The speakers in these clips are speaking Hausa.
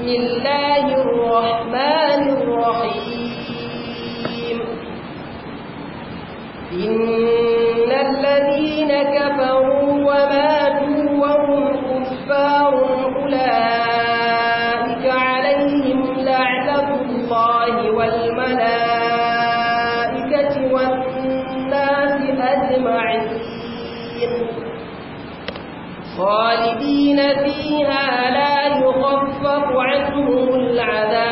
بسم الله الرحمن الرحيم إن الذين كفروا وماتوا وهم كفار أولئك عليهم لعنة الله والملائكة والناس أجمعين خالدين فيها لا يخفف عنهم العذاب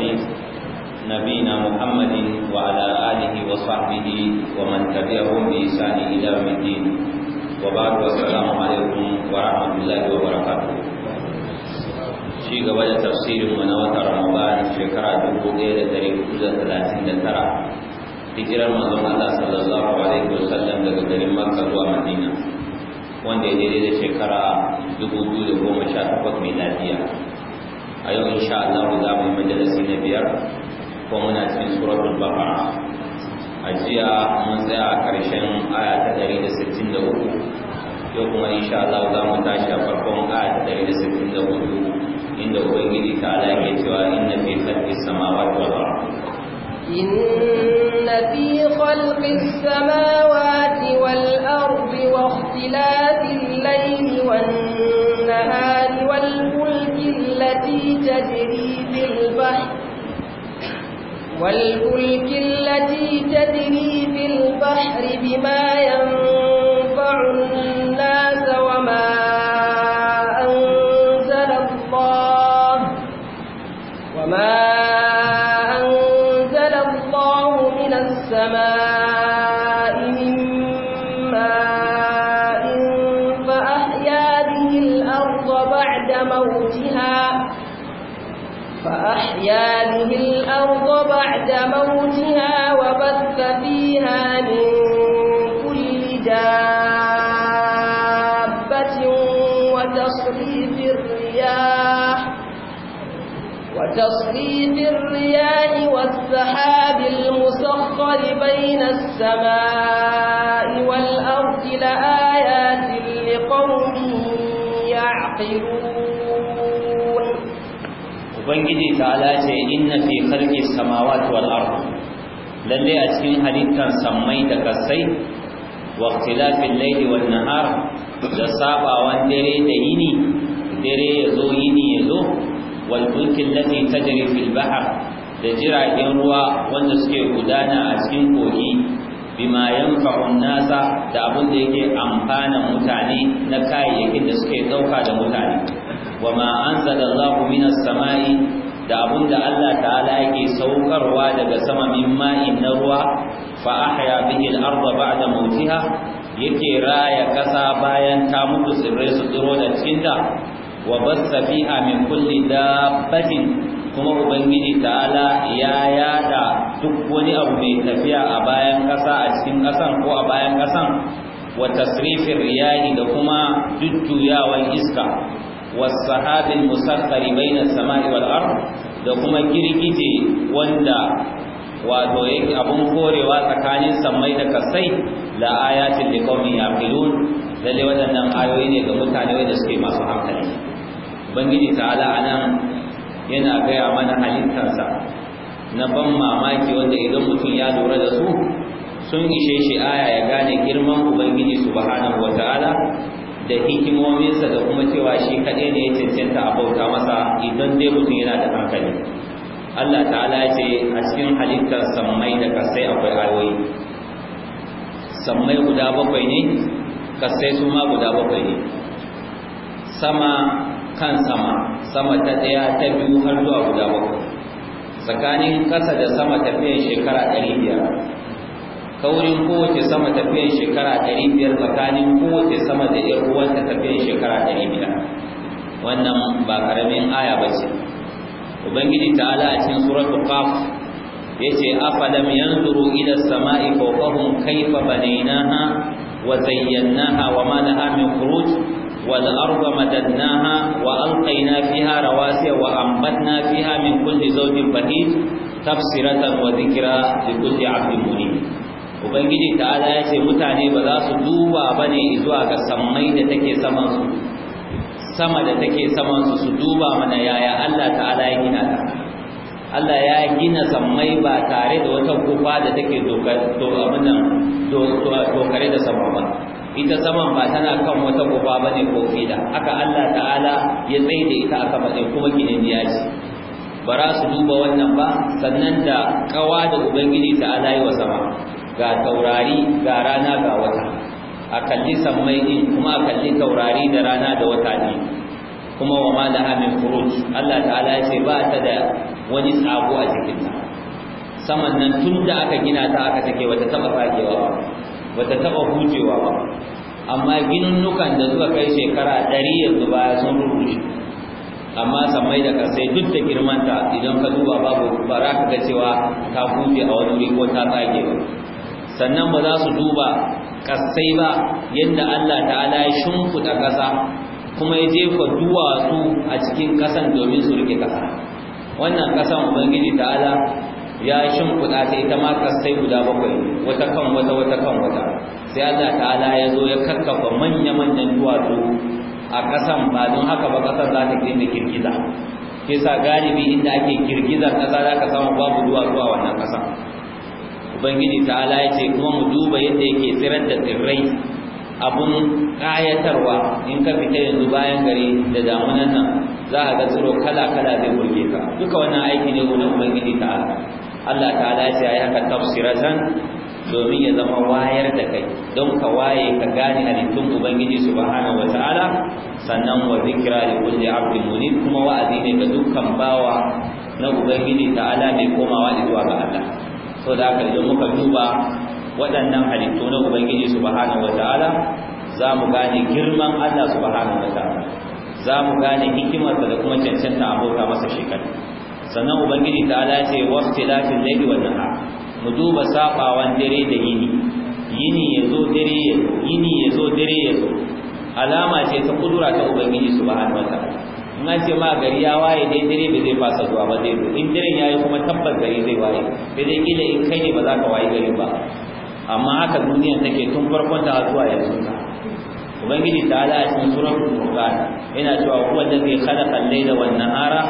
المرسلين نبينا محمد وعلى آله وصحبه ومن تبعهم بإحسان إلى يوم الدين وبعد والسلام عليكم ورحمة الله وبركاته ci gaba da tafsirin mu na watan Ramadan shekara 1439 hijirar manzon Allah sallallahu alaihi wasallam daga garin Makka zuwa Madina wanda ya daidai da shekara 2018 miladiya a yau insha Allah za mu majalisi na biyar ko muna cikin suratul baqara a jiya mun tsaya a aya ta 163 yau kuma insha Allah za mu tashi a farkon aya ta 164 inda ubangiji ta ala ke cewa inna fi khalqis samawati wal ardh إن في خلق السماوات والأرض واختلاف الليل والنهار التي تجري في البحر والفلك التي تجري في البحر بما ينفع الفصل بين السماء والأرض لآيات لقوم يعقلون وبنجي تعالى إن في خلق السماوات والأرض للي أتكين حديثا سميتك السيد واختلاف الليل والنهار لصابا واندري ديني دري يزو يني يزو والملك التي تجري في البحر da jiragen ruwa wanda suke gudana a cikin kogi bima yanfa'un nasa da abin da yake amfana mutane na kayayyakin da suke dauka da mutane wa ma anzalallahu minas sama'i da abin da Allah ta'ala yake saukarwa daga sama min ma'in na ruwa fa ahya bihi al-ardha ba'da mawtiha yake raya kasa bayan ta mutu tsirrai su tsiro da cikinta wa bassa fiha min kulli dabbatin kuma ubangiji ta'ala ya yada duk wani abu mai tafiya a bayan ƙasa a cikin ƙasan ko a bayan ƙasan wa tasrifin riyahi da kuma jujjuyawan iska wa sahabin musakhari baina samai wal da kuma girgije wanda wato yake abun korewa tsakanin sammai da kasai la ayatin liqaumin yaqilun lalle waɗannan ayoyi ne ga mutane wanda suke masu hankali ubangiji ta'ala anan yana gaya mana halittarsa na ban mamaki wanda idan mutum ya lura da su sun ishe shi aya ya gane girman ubangiji subhanahu wataala da hikimominsa da kuma cewa shi kaɗai ne ya cancanta a bauta masa idan dai mutum yana da hankali Allah ta'ala ce a cikin halittar sammai da kasai akwai ayoyi sammai guda bakwai ne kasai su ma guda bakwai ne sama kan sama sama ta ɗaya ta biyu har zuwa guda bakwai tsakanin ƙasa da sama tafiyan shekara ɗari biyar kaurin kowace sama tafiyan shekara ɗari biyar tsakanin kowace sama da ɗan uwanta tafiyan shekara ɗari biyar wannan ba ƙaramin aya ba ce ubangiji ala a cikin suratul qaf ce afalam yanzuru ila as-sama'i fawqahum kayfa banaynaha wa zayyanaha wa ma laha min furuj والأرض مددناها وألقينا فيها رواسي وأنبتنا فيها من كل زوج بهيج تبصرة وذكرى لكل عبد منيب ubangiji ta'ala ya ce mutane ba za su duba bane zuwa ga sammai da take saman su sama da take saman su duba mana yaya Allah ta'ala ya gina ta Allah ya gina sammai ba tare da wata kufa da take dokar to abin nan kare da sama ba ita zaman ba tana kan wata guba bane ko fida haka Allah ta'ala ya da ita aka bade kuma ya ce ba za su duba wannan ba sannan da kawa da ubangiji da yi wa sama ga taurari ga rana ga wata a kalli sammai din kuma a kalli taurari da rana da wata ne kuma wa ma amin furuj Allah ta'ala ya ce ba ta da wani tsago a jikinta saman nan tun da aka gina ta aka take wata taba fagewa bata taba hujewa ba amma nukan da suka kai shekara ɗari yanzu baya sun rubuce amma samai da kasai duk da girmanta idan ka duba babu bara ka ga cewa ta huje a wani wuri ko ta tsage ba sannan ba za su duba kasai ba yadda Allah ta'ala ya shimfuta ƙasa kuma ya jefa duwatsu a cikin ƙasan domin su rike ƙasa wannan ƙasan ubangiji ta'ala ya shimfiɗa ta ita ma kasai guda bakwai wata kan wata wata kan wata sai Allah ta'ala ya zo ya kakkafa manya-manyan duwatsu a ƙasan ba don haka ba ƙasar za ta kirkiza. girgiza kisa galibi inda ake girgizar ƙasa za ka samu babu duwatsu a wannan ƙasa ubangiji ta'ala ya ce kuma mu duba yadda yake tsirar da tsirrai abun ƙayatarwa in ka fita yanzu bayan gari da damunan nan za a ga tsiro kala kala zai burge ka duka wannan aiki ne na ubangiji ta'ala Allah ta ya ce ayi haka tafsiratan domin ya zama wayar da kai don ka waye ka gane halittun ubangiji subhanahu wataala sannan wa zikra li kulli abdin munib kuma wa'azi ne ga dukkan bawa na ubangiji ta'ala mai komawa zuwa ga Allah so da haka idan muka duba waɗannan halittu na ubangiji subhanahu wataala za mu gane girman Allah subhanahu wataala za mu gane hikimarsa da kuma cancanta abota masa shekara sannan ubangiji ta ala ce wasu lafin laili wannan ha mu duba sabawan dare da yini yini ya zo dare ya zo yini ya zo dare ya zo alama ce ta kudura ta ubangiji subhanahu wataala in an ce ma gari ya waye dai dare ba zai fasa zuwa ba zai zo in daren yayi kuma tabbas gari zai waye ba zai kila in kai ne ba za ka waye gari ba amma haka duniya take tun farkon ta zuwa yanzu ubangiji ta ala a cikin suratul murad yana cewa huwa allazi khalaqa al-layla wan nahara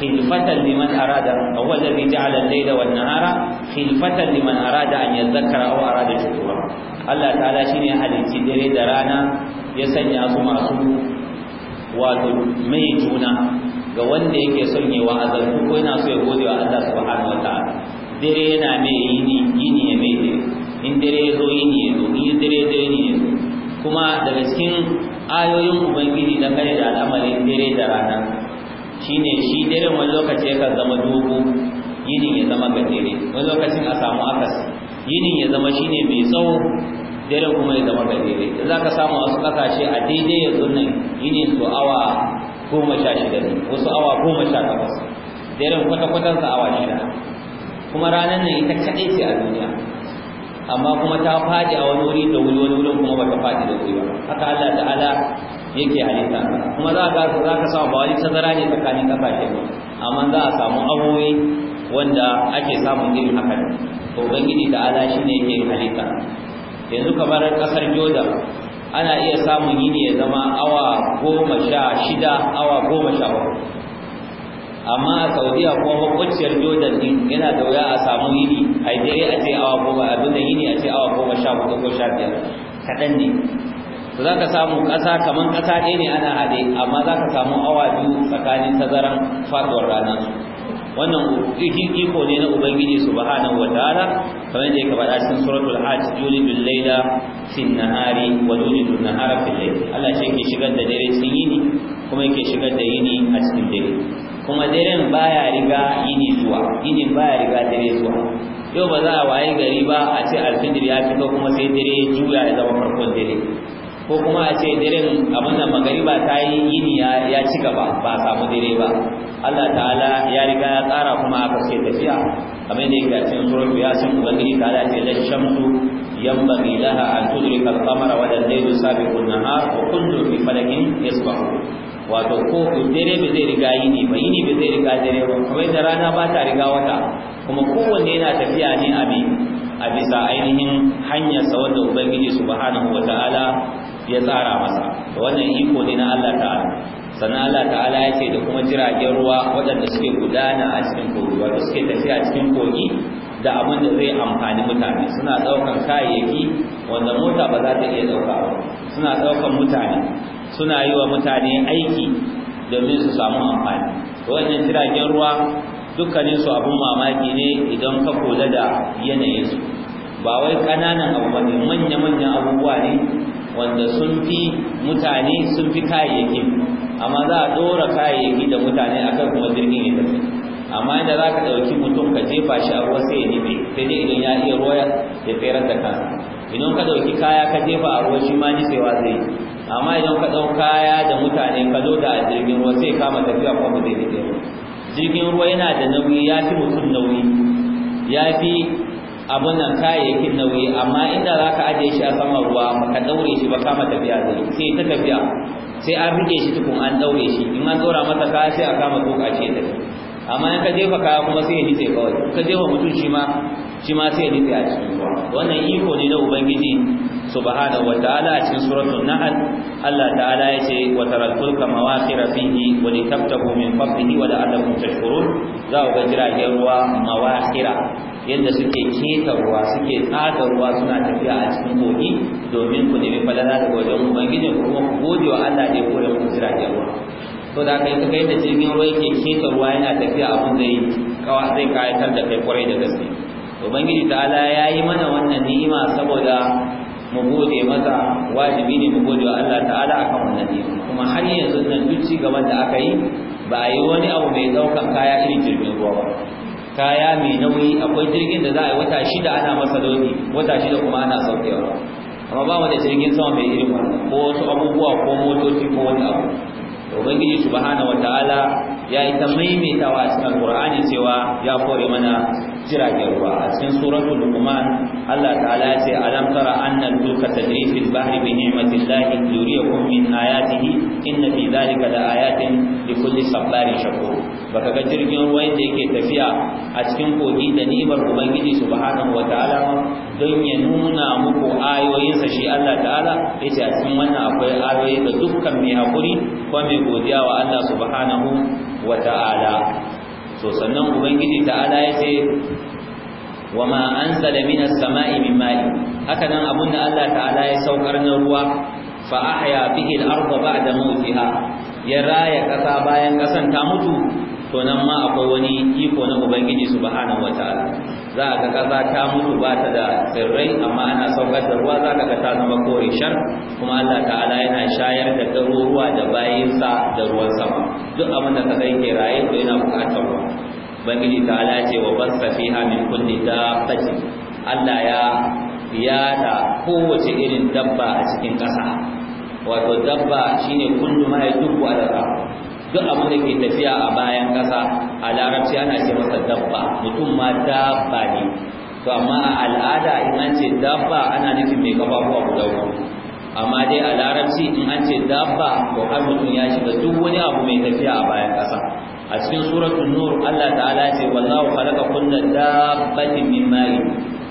khilfatan liman arada huwa allazi ja'ala al-layla wan nahara khilfatan liman arada an yadhakkara aw arada shukura Allah ta'ala shine halicci dare da rana ya sanya su masu wato mai juna ga wanda yake son yi wa'azarku ko yana so ya gode wa Allah subhanahu wataala dare yana mai yini yini ya mai dare in dare ya zo yini ya zo in dare ya zo ya kuma daga cikin ayoyin ubangiji da kare da al'amarin dare da rana shine shi dare wani lokaci yakan zama dogo yinin ya zama gajere wani lokacin a samu akas yinin ya zama shine mai tsawo dare kuma ya zama gajere da za ka samu wasu kasashe a daidai zo nan yinin su awa goma sha shida ne wasu awa goma sha takwas daren kwata-kwatansa awa shida kuma ranar nan ita kaɗai ce a duniya amma kuma ta faɗi a wani wuri da wuri wani wurin kuma bata faɗi da wuri ba haka Allah ta'ala yake halitta kuma za ka za ka samu ba wani tazara ne tsakanin kasashe ba amma za a samu abuwi wanda ake samun irin haka to ubangiji shi ne yake halitta yanzu kamar kasar joda ana iya samun yini ya zama awa goma sha shida awa goma sha amma a saudiya kuma makwaciyar jordan din yana da wuya a samu yini a dare a ce awa goma abin da yini a ce awa goma sha hudu ko sha biyar kaɗan ne to za ka samu ƙasa kamar ƙasa ɗaya ne ana haɗe amma za ka samu awa biyu tsakanin tazaran faɗuwar ranar su wannan iko ne na ubangiji subhanahu wa ta'ala kamar da yake faɗa cikin suratul hajj bil layla fil nahari wa bil nahara fil layl Allah shi yake shigar da dare cikin yini kuma yake shigar da yini a cikin dare kuma daren baya riga yini zuwa yini baya riga dare zuwa yau ba za a waye gari ba a ce alfijir ya fito kuma sai dare juya ya zama farkon dare ko kuma a ce daren abin da magariba ta yi yini ya ci gaba ba a samu dare ba Allah ta'ala ya riga ya tsara kuma aka ce tafiya kamar da yake cikin surar ya san ubangiji ta'ala ce la shamsu yanbaghi laha an tudrika al-qamara wa al-laylu sabiqu nahar wa kullu fi falakin yasbahu wato ko dare ba zai riga yini ba yini ba zai riga dare ba kamar da rana ba ta riga wata kuma kowanne yana tafiya ne a bi a bisa ainihin sa wanda ubangiji subhanahu wataala ya tsara masa wannan iko ne na Allah ta'ala sannan Allah ta'ala ya ce da kuma jiragen ruwa waɗanda suke gudana a cikin kogi wato suke tafiya a cikin kogi da abin da zai amfani mutane suna ɗaukan kayayyaki wanda mota ba za ta iya ɗauka ba suna ɗaukar mutane suna yi wa mutane aiki domin su samu amfani wannan jiragen ruwa dukkanin su abun mamaki ne idan ka kula da yanayin su ba wai kananan abu ne manya manyan abubuwa ne wanda sun fi mutane sun fi kayayyaki amma za a dora kayayyaki da mutane kan kuma jirgin ya tafi amma inda za ka ɗauki mutum ka jefa shi a ruwa sai ya nufi sai dai idan ya iya ruwa ya tsere da kansa idan ka ɗauki kaya ka jefa a ruwa shi ma zai yi amma idan ka ɗau kaya da mutane ka zo da jirgin ruwa sai kama tafiya ko ba zai fita jirgin ruwa yana da nauyi ya fi mutum nauyi ya fi abun nan kayayyakin nauyi amma inda za ka ajiye shi a sama ruwa ka ɗaure shi ba kama tafiya zai sai ta tafiya sai an rike shi tukun an ɗaure shi in an ɗora mata kaya sai a kama tuka ce da amma in ka jefa kaya kuma sai ya nitse kawai ka jefa mutum shi ma shi ma sai ya nitse a cikin ruwa wannan iko ne na ubangiji subhanahu wataala a cikin suratul nahl Allah ta'ala yace wa tarakul ka wasira fihi wa litabtahu min fadlihi wa la'allakum tashkurun za ku ga jiragen ruwa mawasira yadda suke keta ruwa suke tsada ruwa suna tafiya a cikin kogi domin ku nemi falala daga wajen ubangiji kuma ku gode wa Allah ne ko da ku jiragen ruwa to da kai kaga yadda jirgin ruwa yake keta ruwa yana tafiya abun zai kawa zai kayatar da kai kwarai da gaske ubangiji ta'ala ya yi mana wannan ni'ima saboda mu gode masa wajibi ne mu gode wa Allah ta'ala akan wannan ne kuma har yanzu nan duk ci gaban da aka yi ba a yi wani abu mai daukan kaya irin jirgin ruwa ba kaya mai nauyi akwai jirgin da za a yi wata shida ana masa lodi wata shida kuma ana saukewa amma ba mu da jirgin sama mai irin wannan ko wasu abubuwa ko motoci ko wani abu ubangiji subhanahu wataala ya yi ta maimaitawa a cikin alqur'ani cewa ya kore mana jiragen ruwa a cikin suratul luqman Allah ta'ala ya ce alam tara anna al-fulka tajri fil bahri bi ni'matillahi yuriyakum min ayatihi inna fi dhalika la ayatin li kulli sabarin shakur baka ga jirgin ruwa yadda yake tafiya a cikin kogi da ni'imar ubangiji subhanahu wataala don ya nuna Allah ta'ala yace a cikin wannan akwai ayoyi da dukkan mai hakuri ko mai godiya wa Allah subhanahu wa ta'ala to sannan ubangiji ta'ala ya ce wa ma anzala minas sama'i min ma'i haka nan abun da Allah ta'ala ya saukar na ruwa fa ahya bihi al-ardha ba'da mawtiha ya raya kasa bayan kasan ta mutu to nan ma akwai wani iko na ubangiji subhanahu ta'ala za a ga kaza ta mutu ba ta da tsirrai amma ana saukar da ruwa za ka ga ta zama kore shar kuma Allah ta'ala yana shayar da garuruwa da bayinsa da ruwan sama duk abin da ka kai ke raye to yana bukatar ruwa bangiji ta'ala ce wa safi fiha min kulli dabbati Allah ya yada kowace irin dabba a cikin ƙasa wato dabba shine kullu ma yadubbu ala duk abin da ke tafiya a bayan kasa, a larabci ana ce masa dabba mutum ma dabba ne to amma a al'ada in an ce dabba ana nufin mai kafafuwa guda uku amma dai a larabci in an ce dabba to har mutum ya shiga duk wani abu mai tafiya a bayan kasa. a cikin suratul nur Allah ta'ala ya ce wallahu khalaqa kullu dabbatin min ma'in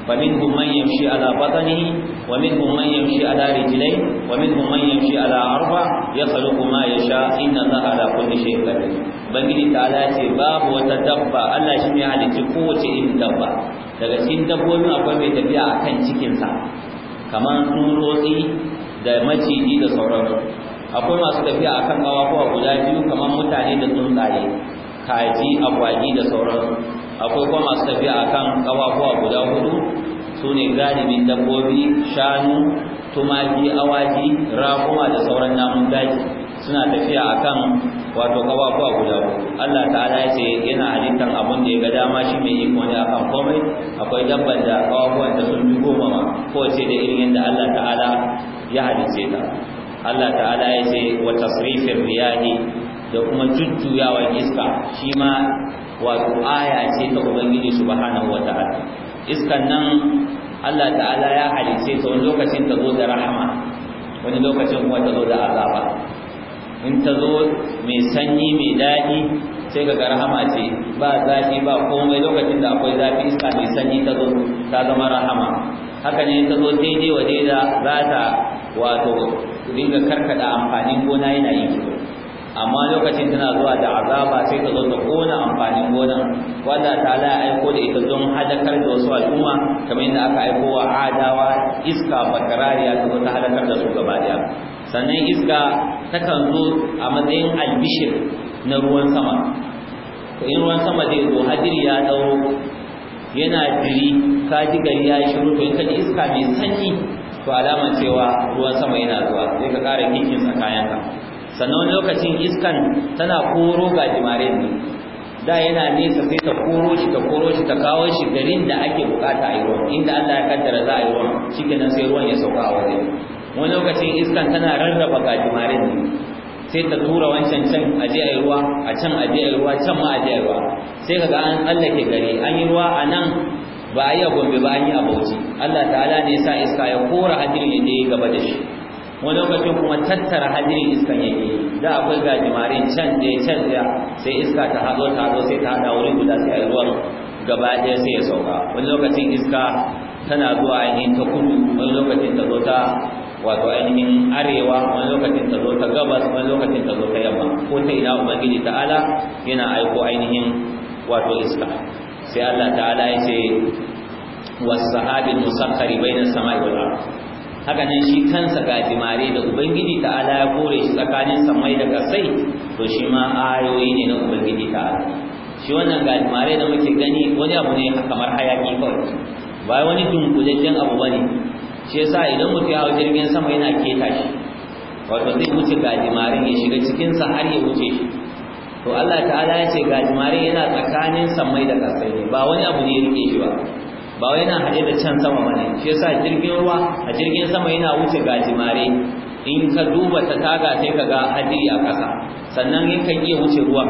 فمنهم من يمشي على بطنه ومنهم من يمشي على رجليه ومنهم من يمشي على أربع يخلق ما يشاء إن الله على كل شيء قدير بنجد تعالى باب وتدبى ألا شميع لتقوة إن دبى daga cikin dabbobin akwai mai tafiya a kan cikinsa kamar tsurotsi da maciji da sauransu akwai masu tafiya a kan gawa guda biyu kamar mutane da tsuntsaye kaji agwagi da sauran akwai kuma masu tafiya akan kafafuwa guda hudu sune galibin dabbobi shanu tumaki awaki raƙuma da sauran namun daji suna tafiya akan wato kafafuwa guda hudu Allah ta'ala ya ce yana halittar abin da ya ga dama shi mai iko ne kan komai akwai dabban da kafafuwan da sun bi goma ma ko ce da irin yadda Allah ta'ala ya halice ta Allah ta'ala ya ce wata tasrifir riyahi da kuma jujjuyawan iska shi ma wato aya ce ta ubangiji subhanahu wataala iskan nan Allah ta'ala ya halice ta wani lokacin ta da rahama wani lokacin kuma ta da azaba in ta mai sanyi mai daɗi sai ga rahama ce ba zafi ba komai lokacin da akwai zafi iska mai sanyi ta ta zama rahama haka ne tazo zo daidai wa daida za ta wato dinga karkada amfanin gona yana yi amma lokacin tana zuwa da azaba sai ka zo ta kona amfanin gonan wanda ta la aiko da ita don hadakar da wasu al'umma kamar yadda aka aiko wa adawa iska bakarariya ta zo ta hadakar da su gaba daya sannan iska takan zo a matsayin albishir na ruwan sama ko in ruwan sama zai zo hadiri ya dauro yana jiri ka ji gari ya shiru to in ka ji iska mai sanyi to alama cewa ruwan sama yana zuwa sai ka kara kikin tsakayanka sannan lokacin iskan tana koro jimare ne da yana nesa sai ta koro shi ta koro shi ta kawo shi garin da ake bukata a yi ruwan inda Allah ya kaddara za a yi ruwan shikenan sai ruwan ya sauka a waje wani lokacin iskan tana rarraba jimare ne sai ta tura wancan can je a yi ruwa a can je a yi ruwa can ma je a yi ruwa sai ga an tsallake gari an yi ruwa a nan ba a yi a gombe ba an yi a bauchi Allah ta'ala ne ya sa iska ya kora hadirin ya gaba da shi wani lokacin kuma tattara hadirin iskan yake da akwai gajimare can je can je sai iska ta hazo ta hazo sai ta hada wuri guda sai ayi ruwan gaba ɗaya sai ya sauka wani lokacin iska tana zuwa ainihin ta kudu wani lokacin ta zo ta wato ainihin arewa wani lokacin ta zo ta gabas wani lokacin ta zo ta yamma ko ta ina ubangiji ta'ala yana aiko ainihin wato iska sai Allah ta'ala ya ce was sahabil bai na sama'i wal haka nan shi kansa gajimare da ubangiji ta ala ya kore shi tsakanin samai da kasai to shi ma ayoyi ne na ubangiji ta ala shi wannan gajimare da muke gani wani abu ne kamar hayaki kawai ba wani dunkulajjen abu bane shi yasa idan mutum ya hau jirgin sama yana keta shi wato zai wuce gajimarin ya shiga cikin sa har ya wuce shi to Allah ta'ala ya ce gajimarin yana tsakanin samai da kasai ba wani abu ne ya rike shi ba ba wai yana haɗe da can sama bane shi yasa jirgin ruwa a jirgin sama yana wuce gajimare in ka duba ta taga sai ka ga hadiri a ƙasa sannan in kan iya wuce ruwa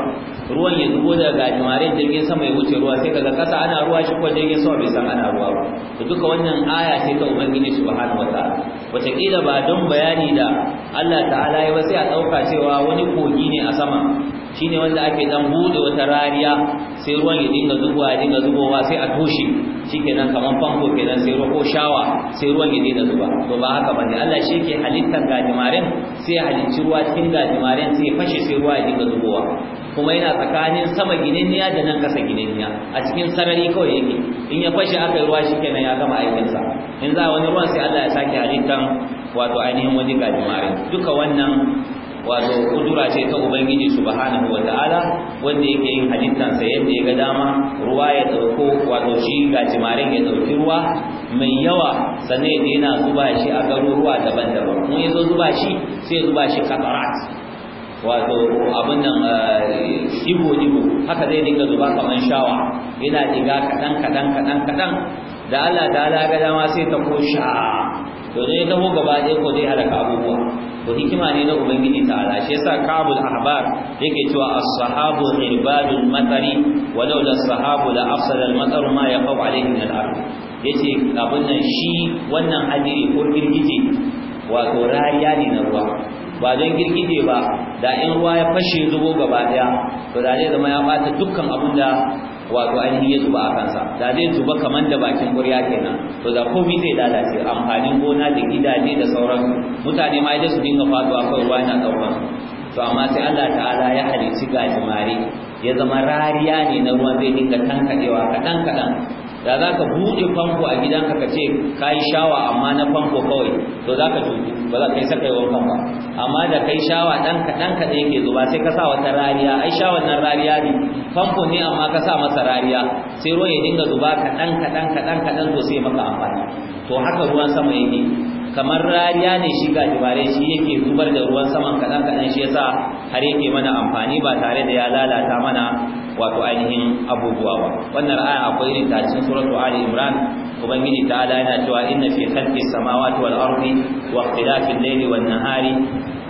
ruwan ya zubo daga gajimare jirgin sama ya wuce ruwa sai ka ga ƙasa ana ruwa shi ko jirgin sama bai san ana ruwa ba to duka wannan aya sai ta ubangiji subhanahu Wace wataƙila ba don bayani da Allah ta'ala ya ba sai a ɗauka cewa wani kogi ne a sama shine wanda ake dan bude wata rariya sai ruwan ya dinga zubowa ya dinga zubowa sai a toshe shikenan kaman famfo kenan sai ruwa ko shawa sai ruwan ya dinga zuba to ba haka bane Allah shi yake halittar gajimaren sai halicci ruwa cikin gajimaren sai ya fashe sai ruwa ya dinga zubowa kuma yana tsakanin sama gininniya da nan kasa gininniya a cikin sarari kawai yake in ya fashe aka yi ruwa shikenan ya gama aikinsa in za wani ruwan sai Allah ya sake halittar wato ainihin wani gajimaren duka wannan wato kudura ce ta ubangiji subhanahu ta'ala wanda yake yin halittar sa yadda ya ga dama ruwa ya dauko wato shi ga jimarin ya dauki ruwa mai yawa sane ya yana zuba shi a ruwa daban-daban mun yazo zuba shi sai zuba shi katarat wato abin nan eh, dibo-dibo haka zai dinga zuba kaman shawa yana diga kaɗan kaɗan kaɗan kaɗan da Allah ta ga dama sai ta ko sha to ne ta ko gaba ɗaya ko dai halaka abubuwa to hikima ne na ubangiji ta'ala shi yasa kabul ahbar yake cewa as-sahabu irbadul matari walau la sahabu la afsada al-mataru ma yaqaw alayhi min al-ard yace abin nan shi wannan hadiri ko girgije wato rariya ne na ruwa ba don girgije ba da in ruwa ya fashe zubo gaba daya to da zai zama ya bata dukkan abin da wato ainihin ya zuba a kansa da zai zuba kamar da bakin murya kenan to da komai zai lalace amfanin gona da gidaje da sauran mutane ma idan su dinga faduwa kai ruwa yana ɗaukar to amma sai Allah ta'ala ya halici gajimare ya zama rariya ne na ruwan zai dinga tankaɗewa kaɗan kaɗan da za ka buɗe famfo a gidanka ka ce ka yi shawa amma na famfo kawai to za ka cutu ba za ka yi saka yawan famfo. amma da kai shawa ɗan kaɗan kaɗan yake zuba sai ka sa wata rariya ai shawan nan rariya ne famfo ne amma ka sa masa rariya sai ruwan ya dinga zuba kaɗan kaɗan kaɗan kaɗan to sai maka amfani to haka ruwan sama yake kamar rariya ne shi ga dubare shi yake zubar da ruwan saman kaɗan kaɗan shi yasa har yake mana amfani ba tare da ya lalata mana wato ainihin abubuwa ba wannan aya akwai irin ta cikin suratu ali imran ubangiji ta ala yana cewa inna fi khalqi samawati wal ardi wa ikhtilafi al-layli wan nahari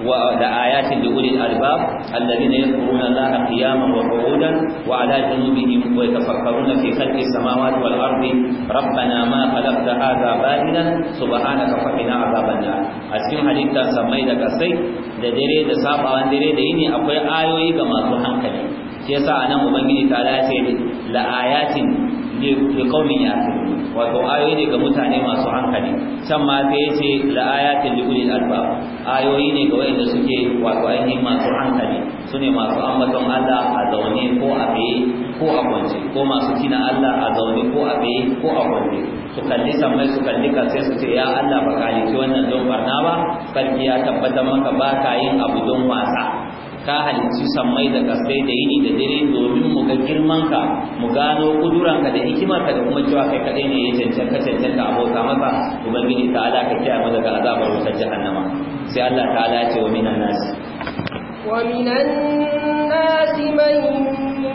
wa da ayatin li ulil albab alladhina yadhkuruna allaha qiyaman wa qu'udan wa ala junubihim wa yatafakkaruna fi khalqi samawati wal ardi rabbana ma khalaqta hadha batilan subhanaka faqina adhaban nar a cikin halitta samai da kasai da dare da sabawan dare da yini akwai ayoyi ga masu hankali shi yasa anan ubangiji ta ala ce la ayatin li qaumin yaqilun wato ayoyi ne ga mutane masu hankali can ma sai ce la ayatin li ulil albab ayoyi ne ga wanda suke wato ainihin masu hankali sune masu ambaton Allah a zaune ko a baye ko a kwance ko masu kina Allah a zaune ko a baye ko a kwance su kalli sammai su kalli sai su ce ya Allah ba ka yi wannan don barna ba sarki ya tabbatar maka ba ka yin abu don wasa ka halicci sammai da kasai da yini da dare domin mu ga girmanka mu gano kuduranka da hikimarka da kuma cewa kai kadai ne ya cancanta cancanta abota masa ubangiji ta ala ka kiyaye mu daga azabar wutar jahannama sai Allah ta'ala ya ce wa minan nas wa minan nas man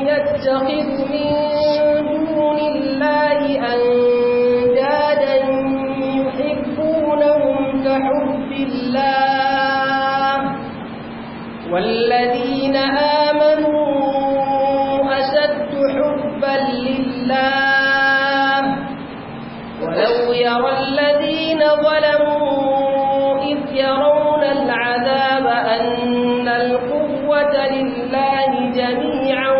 yattakhidhu min dunillahi an dadan yuhibbunahum ka hubbillah والذين آمنوا أشد حبا لله ولو يرى الذين ظلموا إذ يرون العذاب أن القوة لله جميعا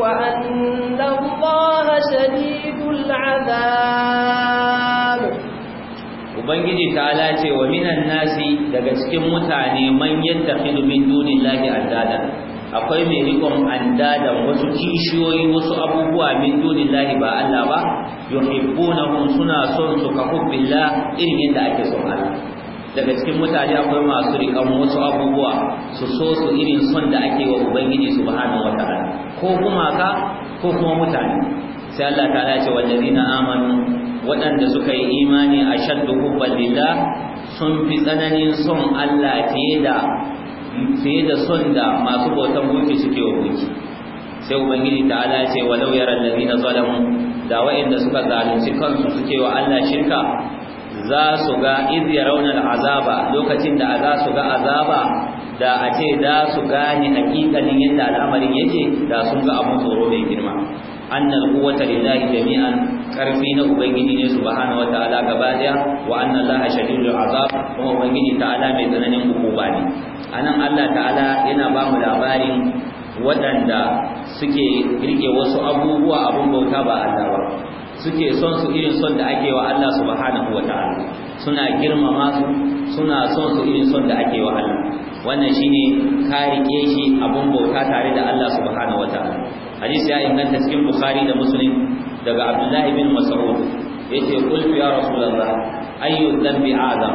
وأن الله شديد العذاب ubangiji ta lace wa minan nasi daga cikin mutane man yattakhidhu min dunillahi andadan akwai mai rikon andadan wasu kishiyoyi wasu abubuwa min dunillahi ba Allah ba yuhibbunahum suna son su ka hubbillah irin yadda ake son Allah daga cikin mutane akwai masu rikon wasu abubuwa su so su irin son da ake wa ubangiji subhanahu wataala ko kuma ka, ko kuma mutane sai Allah ta lace wallazina amanu waɗanda suka yi imani a shaddu hubban sun fi tsananin son Allah fiye da son da masu bautan gunki suke wa gunki sai ubangiji ta ala ce walau yaran na zalamu da waɗanda suka zalunci kansu suke wa Allah shirka za su ga iz raunar azaba lokacin da za su ga azaba da a ce za su gane hakikanin yadda al'amarin yake da sun ga abun tsoro mai girma annal quwwata lillahi jami'an karfi na ubangiji ne subhanahu wataala gaba daya wa anna allaha shadidul azab kuma ubangiji ta'ala mai tsananin hukuma ne anan Allah ta'ala yana ba mu labarin waɗanda suke rike wasu abubuwa abun bauta ba Allah ba suke son su irin son da ake wa Allah subhanahu wataala suna girmama su suna son su irin son da ake wa Allah wannan shine ka rike shi abun bauta tare da Allah subhanahu wataala hadisi ya inganta cikin bukhari da muslim daga abdullahi bin mas'ud yace qultu ya rasulullah ayu dhanbi azam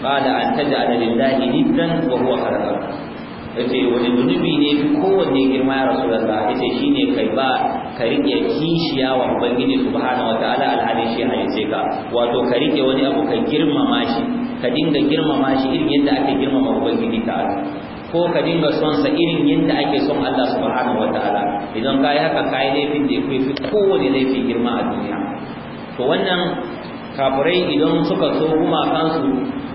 qala an taj'ala lillahi niddan wa huwa khalaqa yace wani zunubi ne kowanne girma ya rasulullah yace shine kai ba ka rike kishiya wa ubangiji subhanahu wataala alhali shi halice ka wato ka rike wani abu ka ka dinga girmama shi irin yadda ake girmama ubangiji ta'ala ko ka dinga son sa irin yadda ake son Allah subhanahu ta'ala idan ka yi haka kai laifin da yake fi kowane fi girma a duniya to wannan kafirai idan suka so kuma kansu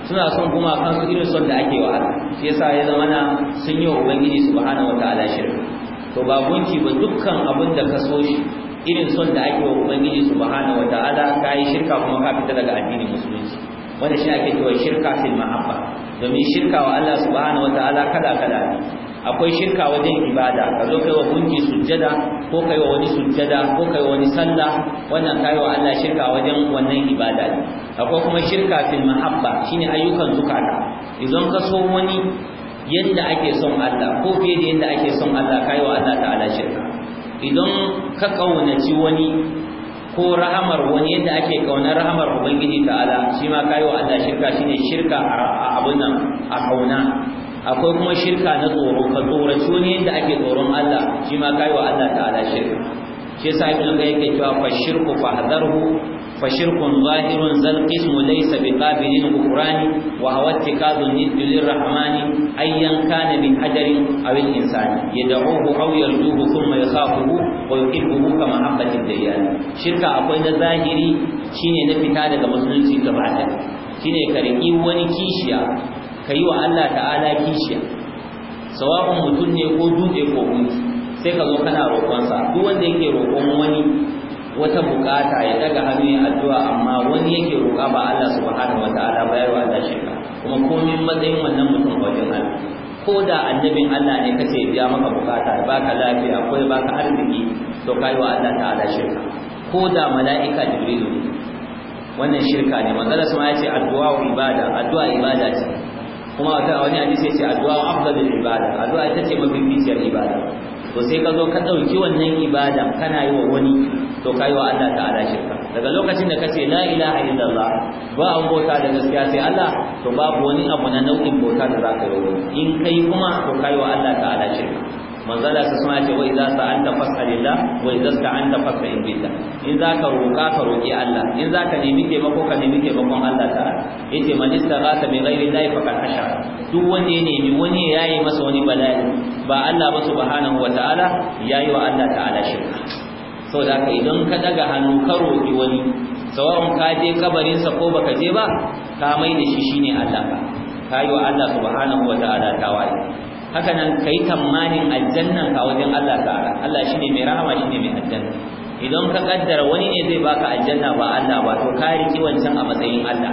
suna son kuma kansu irin son da ake wa Allah shi yasa ya zama na sun yi ubangiji subhanahu ta'ala shirka to ba gunki ba dukkan abin da ka so shi irin son da ake wa ubangiji subhanahu ta'ala kai shirka kuma ka fita daga addinin musulunci wanda shi ake cewa shirka fil mahabba domin shirka wa Allah subhanahu wataala kala kala ne akwai shirka wajen ibada ka zo kai wa sujada, sujjada ko kai wa wani sujjada ko kai wa wani sallah wannan kai wa Allah shirka wajen wannan ibada ne akwai kuma shirka fil mahabba shine ayyukan zukata idan ka so wani yadda ake son Allah ko fiye da yadda ake son Allah kai wa Allah ta'ala shirka idan ka kaunaci wani ko rahamar wani yadda ake kaunar rahamar ubangiji ta'ala shi ma kayo Allah shirka shine shirka a abun nan a kauna akwai kuma shirka na tsoro ka tsoraci wani yadda ake tsoron Allah shi ma kayo Allah ta'ala shirka shi yasa ibn Qayyim yake cewa fa shirku fa hadarhu فشرك ظاهر ذا القسم ليس بقابل الغفران وهو اتخاذ الند للرحمن ايا كان من حجر او الانسان يدعوه او يرجوه ثم يخافه ويحبه كمحبه الديان شركه akwai na zahiri shine na fita daga musulunci gaba ɗaya shine ka riki wani kishiya kayi wa Allah ta'ala kishiya sawa'un mutum ne ko dutse ko gunki sai ka zo kana roƙonsa duk wanda yake roƙon wani wata bukata ya daga hannu ya addu'a amma wani yake roƙa ba Allah subhanahu wataala bayar wa Allah shi kuma komai matsayin wannan mutum wajen Allah ko da annabin Allah ne kace biya maka bukata baka lafiya ko baka arziki to kai wa Allah ta'ala shirka ko da mala'ika jibrilu wannan shirka ne manzala sama ya ce addu'a ibada addu'a ibada ce kuma wata wani hadisi ya ce addu'a afdalul ibada addu'a ita ce mafi ficiyar ibada to sai ka zo ka ɗauki wannan ibada kana yi wa wani to ka yi wa Allah ta'ala shirka daga lokacin da ka ce la ilaha illallah ba an bota da gaskiya sai Allah to babu wani abu na nau'in bauta da zaka yi in kai kuma to ka yi wa Allah ta'ala shirka manzala ta suna ce wai za ta anta fasalillah wai za ta anta fasalin billah in za ka roƙa ka roƙi Allah in za ka nemi taimako ka nemi bakon Allah ta yace man istaghatha bi ghairi llahi faqad hasha duk wanda ya nemi wani ya yi masa wani bala'i ba Allah ba subhanahu ta'ala yayi wa Allah ta'ala shirka saboda haka idan ka daga hannu ka roƙi wani sawan ka je kabarinsa ko baka je ba ka mai da shi shine Allah ka yi wa Allah subhanahu ta'ala tawaye haka nan kai tamanin aljanna ka wajen Allah ta'ala Allah shi ne mai rahama shi ne mai aljanna idan ka kaddara wani ne zai baka aljanna ba Allah ba to ka riki wancan a matsayin Allah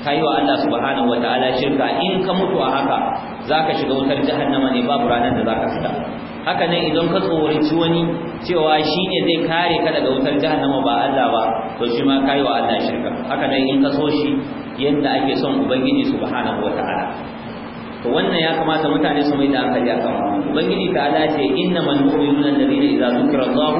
kai wa Allah subhanahu wataala shirka in ka mutu a haka zaka shiga wutar jahannama ne babu ranar da zaka fita haka nan idan ka tsoraci wani cewa shi ne zai kare ka daga wutar jahannama ba Allah ba to shi ma kai wa Allah shirka haka nan in ka so shi yanda ake son ubangiji subhanahu wataala to wannan ya kamata mutane su mai da hankali akan ubangiji ta ala ce man mu'minuna alladhina idza dhukira Allah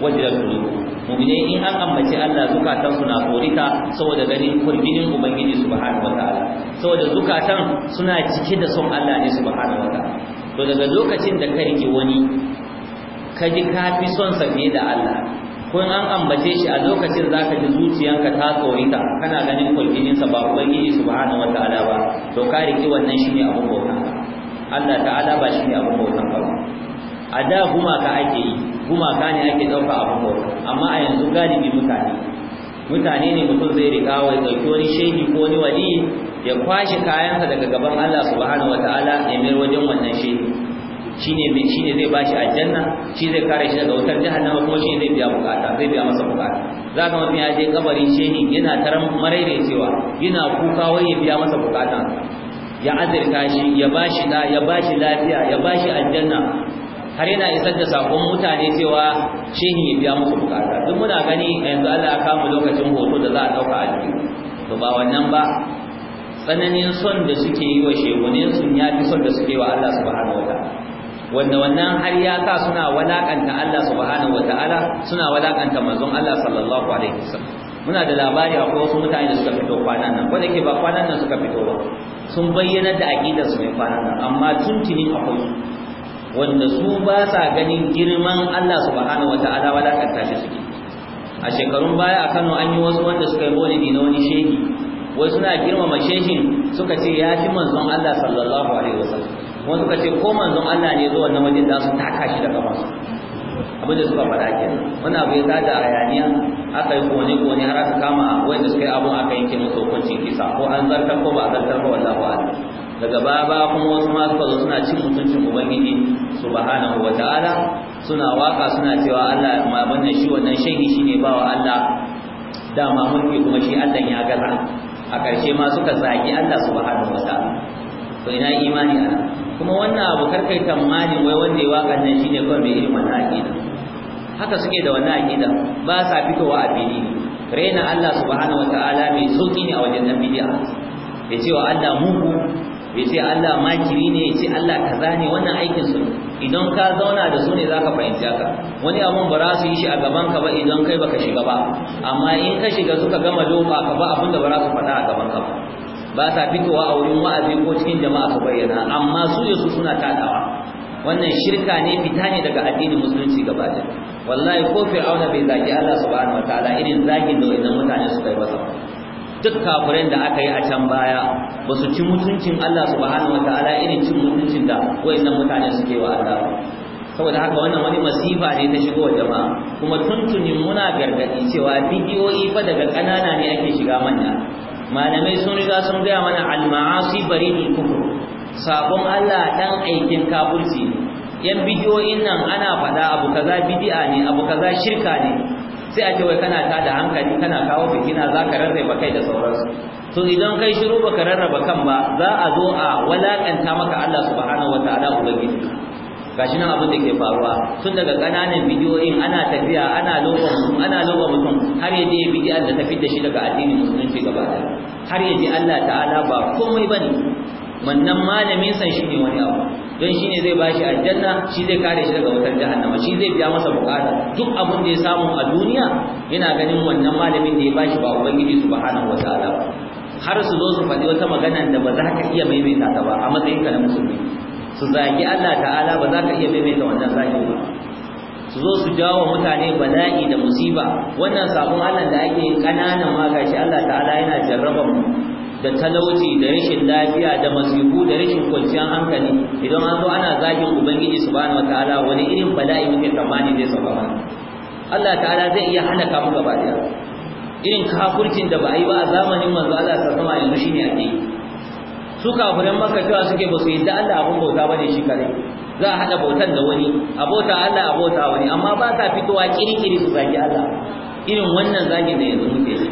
wajilat qulubuhum mu'minai in an ambaci Allah zukatan su na korita saboda ganin kurbinin ubangiji subhanahu wataala saboda zukatan suna cike da son Allah ne subhanahu wataala to daga lokacin da ka ki wani kaji kafi ka fi son sa da Allah ko an ambace shi a lokacin zaka ji zuciyanka ta tsorita kana ganin kulkininsa ba ubangiji subhanahu wataala ba to ka riki wannan shine abu bauta Allah ta'ala ba shine abu bauta ba a da gumaka ake yi gumaka ne ake dauka abu bauta amma a yanzu galibi mutane mutane ne mutum zai rika wai dauki wani shehi ko wani wali ya kwashi kayansa daga gaban Allah subhanahu wataala ya mai wajen wannan shehi shine mai shine zai bashi aljanna shi zai kare shi daga wutar jahannama kuma shi zai biya bukata zai biya masa bukata za ka mutum ya je kabari shehi yana taran maraire cewa yana kuka wai ya biya masa bukata ya azirta shi ya bashi da ya bashi lafiya ya bashi aljanna har yana isar da sakon mutane cewa shehi ya biya masa bukata duk muna gani yanzu Allah ya kama lokacin hoto da za a dauka a jiki to ba wannan ba tsananin son da suke yi wa shegunin sun yafi son da suke wa Allah subhanahu ta'ala wanda wannan har ya sa suna walakanta Allah subhanahu wataala suna walakanta manzon Allah sallallahu alaihi wasallam muna da labari akwai wasu mutane da suka fito kwanan nan wanda ke ba kwanan nan suka fito ba sun bayyana da aqidar su ne kwanan nan amma tuntuni akwai wanda su ba sa ganin girman Allah subhanahu wataala walakanta shi suke a shekarun baya a Kano an yi wasu wanda suka yi maulidi na wani shehi wasu na girmama shehin suka ce ya fi manzon Allah sallallahu alaihi wasallam wani suka ce ko manzon Allah ne zuwa na wajen da su taka shi da abin abinda suka faɗa ke wani abu ya tada hayaniya aka yi kone kone har aka kama wanda suka yi abun aka yanke musu hukuncin kisa ko an zartar ko ba a zartar ba wallahu a'lam daga baya ba kuma wasu ma suka suna cin mutuncin ubangiji subhanahu ta'ala suna waka suna cewa Allah ma wannan shi wannan shehi shine bawa Allah dama mulki kuma shi Allah ya gaza a ƙarshe ma suka zagi Allah subhanahu ta'ala to ina imani a kuma wannan abu karkai tamani wai wanda ya waka nan shine kawai mai irin wannan aqida haka suke da wannan aqida ba sa fitowa a fili raina Allah subhanahu wataala mai sauki ne a wajen nan bid'a ya ce wa Allah ku? ya ce Allah makiri ne ya ce Allah kaza ne wannan aikin su idan ka zauna da su ne zaka fahimci haka wani abun ba za su yi shi a gaban ka ba idan kai baka shiga ba amma in ka shiga suka gama doka ka ba abin da ba za su faɗa a gaban ka ba ba sa fitowa a wurin wa'azi ko cikin jama'a su bayyana amma su ne su suna takawa wannan shirka ne fita ne daga addinin musulunci gaba da wallahi ko fir'auna bai zagi Allah subhanahu wataala irin zagin da wannan mutane suka yi masa duk kafirin da aka yi a can baya ba su ci mutuncin Allah subhanahu wataala irin cin mutuncin da wayannan mutane suke wa Allah saboda haka wannan wani masifa ne ta shigo jama'a kuma tuntunin muna gargadi cewa bidiyoyi fa daga kanana ne ake shiga manya malamai sun riga sun gaya mana al-ma'asi baridul kufr sabon Allah dan aikin kafirci yan bidiyoyin nan ana faɗa abu kaza bid'a ne abu kaza shirka ne sai a ce wai kana tada hankali kana kawo bikina zaka rarraba kai da sauransu to idan kai shiru baka rarraba kan ba za a zo a walakanta maka Allah subhanahu wataala ubangiji gashi nan abin da ke faruwa tun daga kananan bidiyoyin ana tafiya ana loba mutum ana loba mutum har ya je bidiyar da ta fitta shi daga addinin musulunci gaba ɗaya har ya je Allah ta'ala ba komai bane wannan malamin san shine wani abu don ne zai bashi aljanna shi zai kare shi daga wutar jahannama shi zai biya masa bukata duk abin da ya samu a duniya yana ganin wannan malamin da ya bashi ba ubangiji subhanahu wataala har su zo su faɗi wata magana da ba za ka iya maimaita ta ba a matsayin ka na musulmi su zagi Allah ta'ala ba za ka iya maimaita wannan zagi ba su zo su jawo mutane bala'i da musiba wannan sabon Allah da ake kananan ma gashi Allah ta'ala yana jarraba mu da talauci da rashin lafiya da masifu da rashin kwanciyar hankali idan an zo ana zagin ubangiji subhanahu wataala wani irin bala'i muke tsammani zai saba ba. Allah ta'ala zai iya ka mu gaba daya irin kafurcin da ba a yi ba a zamanin manzo Allah ta sama yanzu shine ake su kafiran maka cewa suke ba su yi da Allah abun bauta bane shi kare za a hada bautan da wani abota Allah abota wani amma ba ta fitowa kirkiri su zagi Allah irin wannan zaki da yanzu muke shi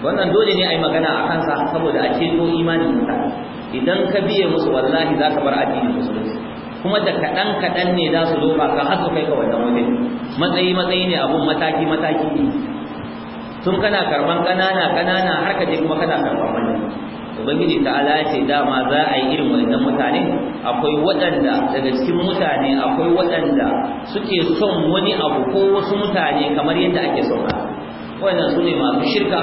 wannan dole ne a yi magana a kansa saboda a ceto imanin mutane idan ka biye musu wallahi za ka bar addinin musulunci kuma da kaɗan kaɗan ne za su doka ka har su kai ka wannan wajen matsayi matsayi ne abun mataki mataki ne tun kana karban ƙanana ƙanana har ka je kuma kana karban wani ubangiji ta'ala ya ce dama za a yi irin wannan mutane akwai waɗanda daga cikin mutane akwai waɗanda suke son wani abu ko wasu mutane kamar yadda ake son wannan su ne masu shirka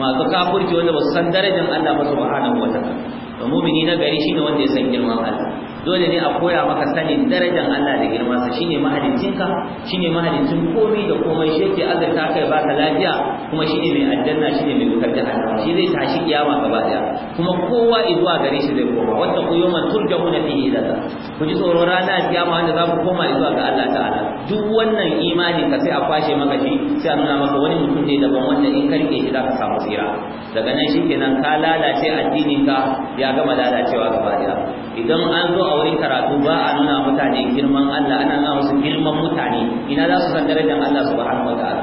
masu kafurki, wanda ba su san darajar Allah ba subhanahu wataala wata. to mu'mini na gari shine wanda ya san girman Allah dole ne a koya maka sanin darajar Allah da girma sa shine mahaliccinka shine mahaliccin komai da komai shi yake azurta kai baka lafiya kuma shine mai aljanna shine mai wutar jahannama shi zai tashi kiyama gaba daya kuma kowa zuwa gare shi zai koma wanda ku yawma turja'una fihi ila ta ku ji tsoro rana kiyama wanda za ku koma zuwa ga Allah ta'ala duk wannan imani ka sai a kwashe maka shi sai a nuna maka wani mutum ne daban wanda in ka rike shi za ka samu tsira daga nan shikenan ka lalace addinin ka ya gama lalacewa gaba daya idan an zo a wurin karatu ba a nuna mutane girman Allah ana nuna musu girman mutane ina za su san darajar Allah subhanahu wataala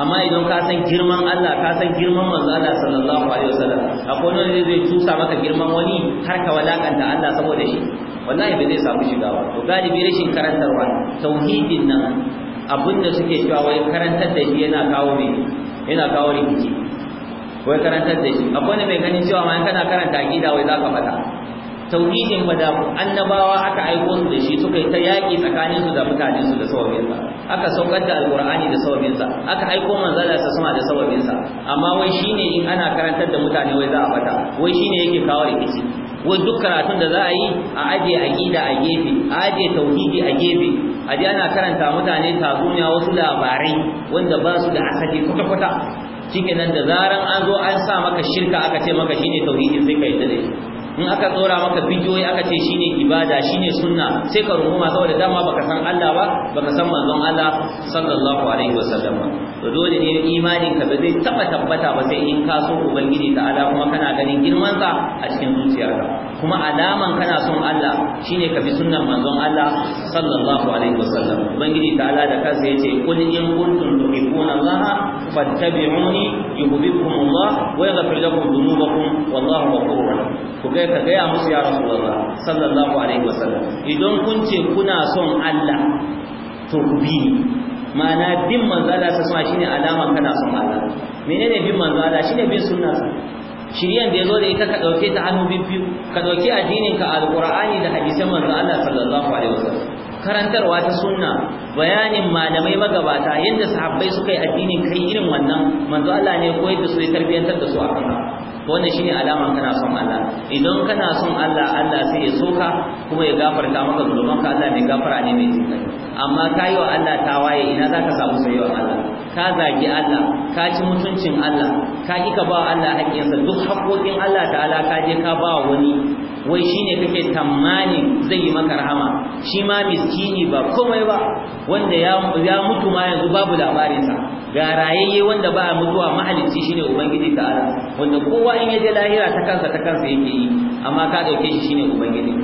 amma idan ka san girman Allah ka san girman manzo Allah sallallahu alaihi wasallam akwai wani zai tusa maka girman wani har ka walakanta Allah saboda shi wallahi ba zai samu shiga ba to galibi rashin karantarwa tauhidin nan da suke cewa wai karantar da shi yana kawo ne yana kawo rikici wai karantar da shi akwai ne mai ganin cewa ma kana karanta aqida wai zaka fata tauhidin madafun annabawa aka aiko su da shi suka yi ta yaki tsakanin su da mutanen su da sa aka saukar da alqur'ani da sa aka aiko manzo sa sama da sa amma wai shine in ana karantar da mutane wai za a bata wai shine yake kawo rikici wai duk karatun da za a yi a aje aqida a gefe a aje tauhidi a gefe a je ana karanta mutane tatsuniya wasu labarai wanda ba su da asali kwata-kwata shikenan da zaran an zo an sa maka shirka aka ce maka shine tauhidi sai ka yi da shi in aka tsora maka bidiyoyi aka ce shine ibada shine sunna sai ka runguma saboda dama baka san Allah ba baka san manzon Allah sallallahu alaihi wasallam to dole ne imanin ka ba zai taba tabbata ba sai in ka so ubangiji ala kuma kana ganin girman sa a cikin zuciyarka kuma alaman kana son Allah shine ka bi sunnar manzon Allah sallallahu alaihi wasallam ubangiji ta'ala da kansa yace kul in kuntum tuhibbuna Allah fattabi'uni yuhibbukum Allah wa yaghfir lakum dhunubakum wallahu ghafurur rahim ku ga ka ga ya musu ya rasulullah sallallahu alaihi wasallam idan kun ce kuna son Allah to ku bi ma'ana bin Allah sa sama shine alama kana son Allah menene bin Allah shine bin sunna sa shiriyan da yazo da ita ka dauke ta hannu biyu ka dauki addinin ka alqur'ani da hadisan manzo Allah sallallahu alaihi wasallam karantarwa ta sunna bayanin malamai magabata yadda sahabbai suka yi addinin kai irin wannan manzo Allah ne koyar da su ya tarbiyantar da su a kan wannan shine alama kana son Allah idan kana son Allah Allah sai ya soka kuma ya gafarta maka zulumanka Allah ne gafara ne mai tsayi amma ka yi wa Allah tawaye ina za ka samu soyayyar Allah ka zagi Allah ka ci mutuncin Allah ka ki ka ba wa Allah haƙƙinsa duk haƙƙoƙin Allah ta'ala ka je ka ba wani wai shine kake tamani zai yi maka rahama shi ma miskini ba komai ba wanda ya mutu ma yanzu babu labarinsa ga rayayye wanda ba a mutuwa mahalicci shine ubangiji ta'ala wanda kowa in ya je lahira ta kansa ta kansa yake yi amma ka dauke shi shine ubangiji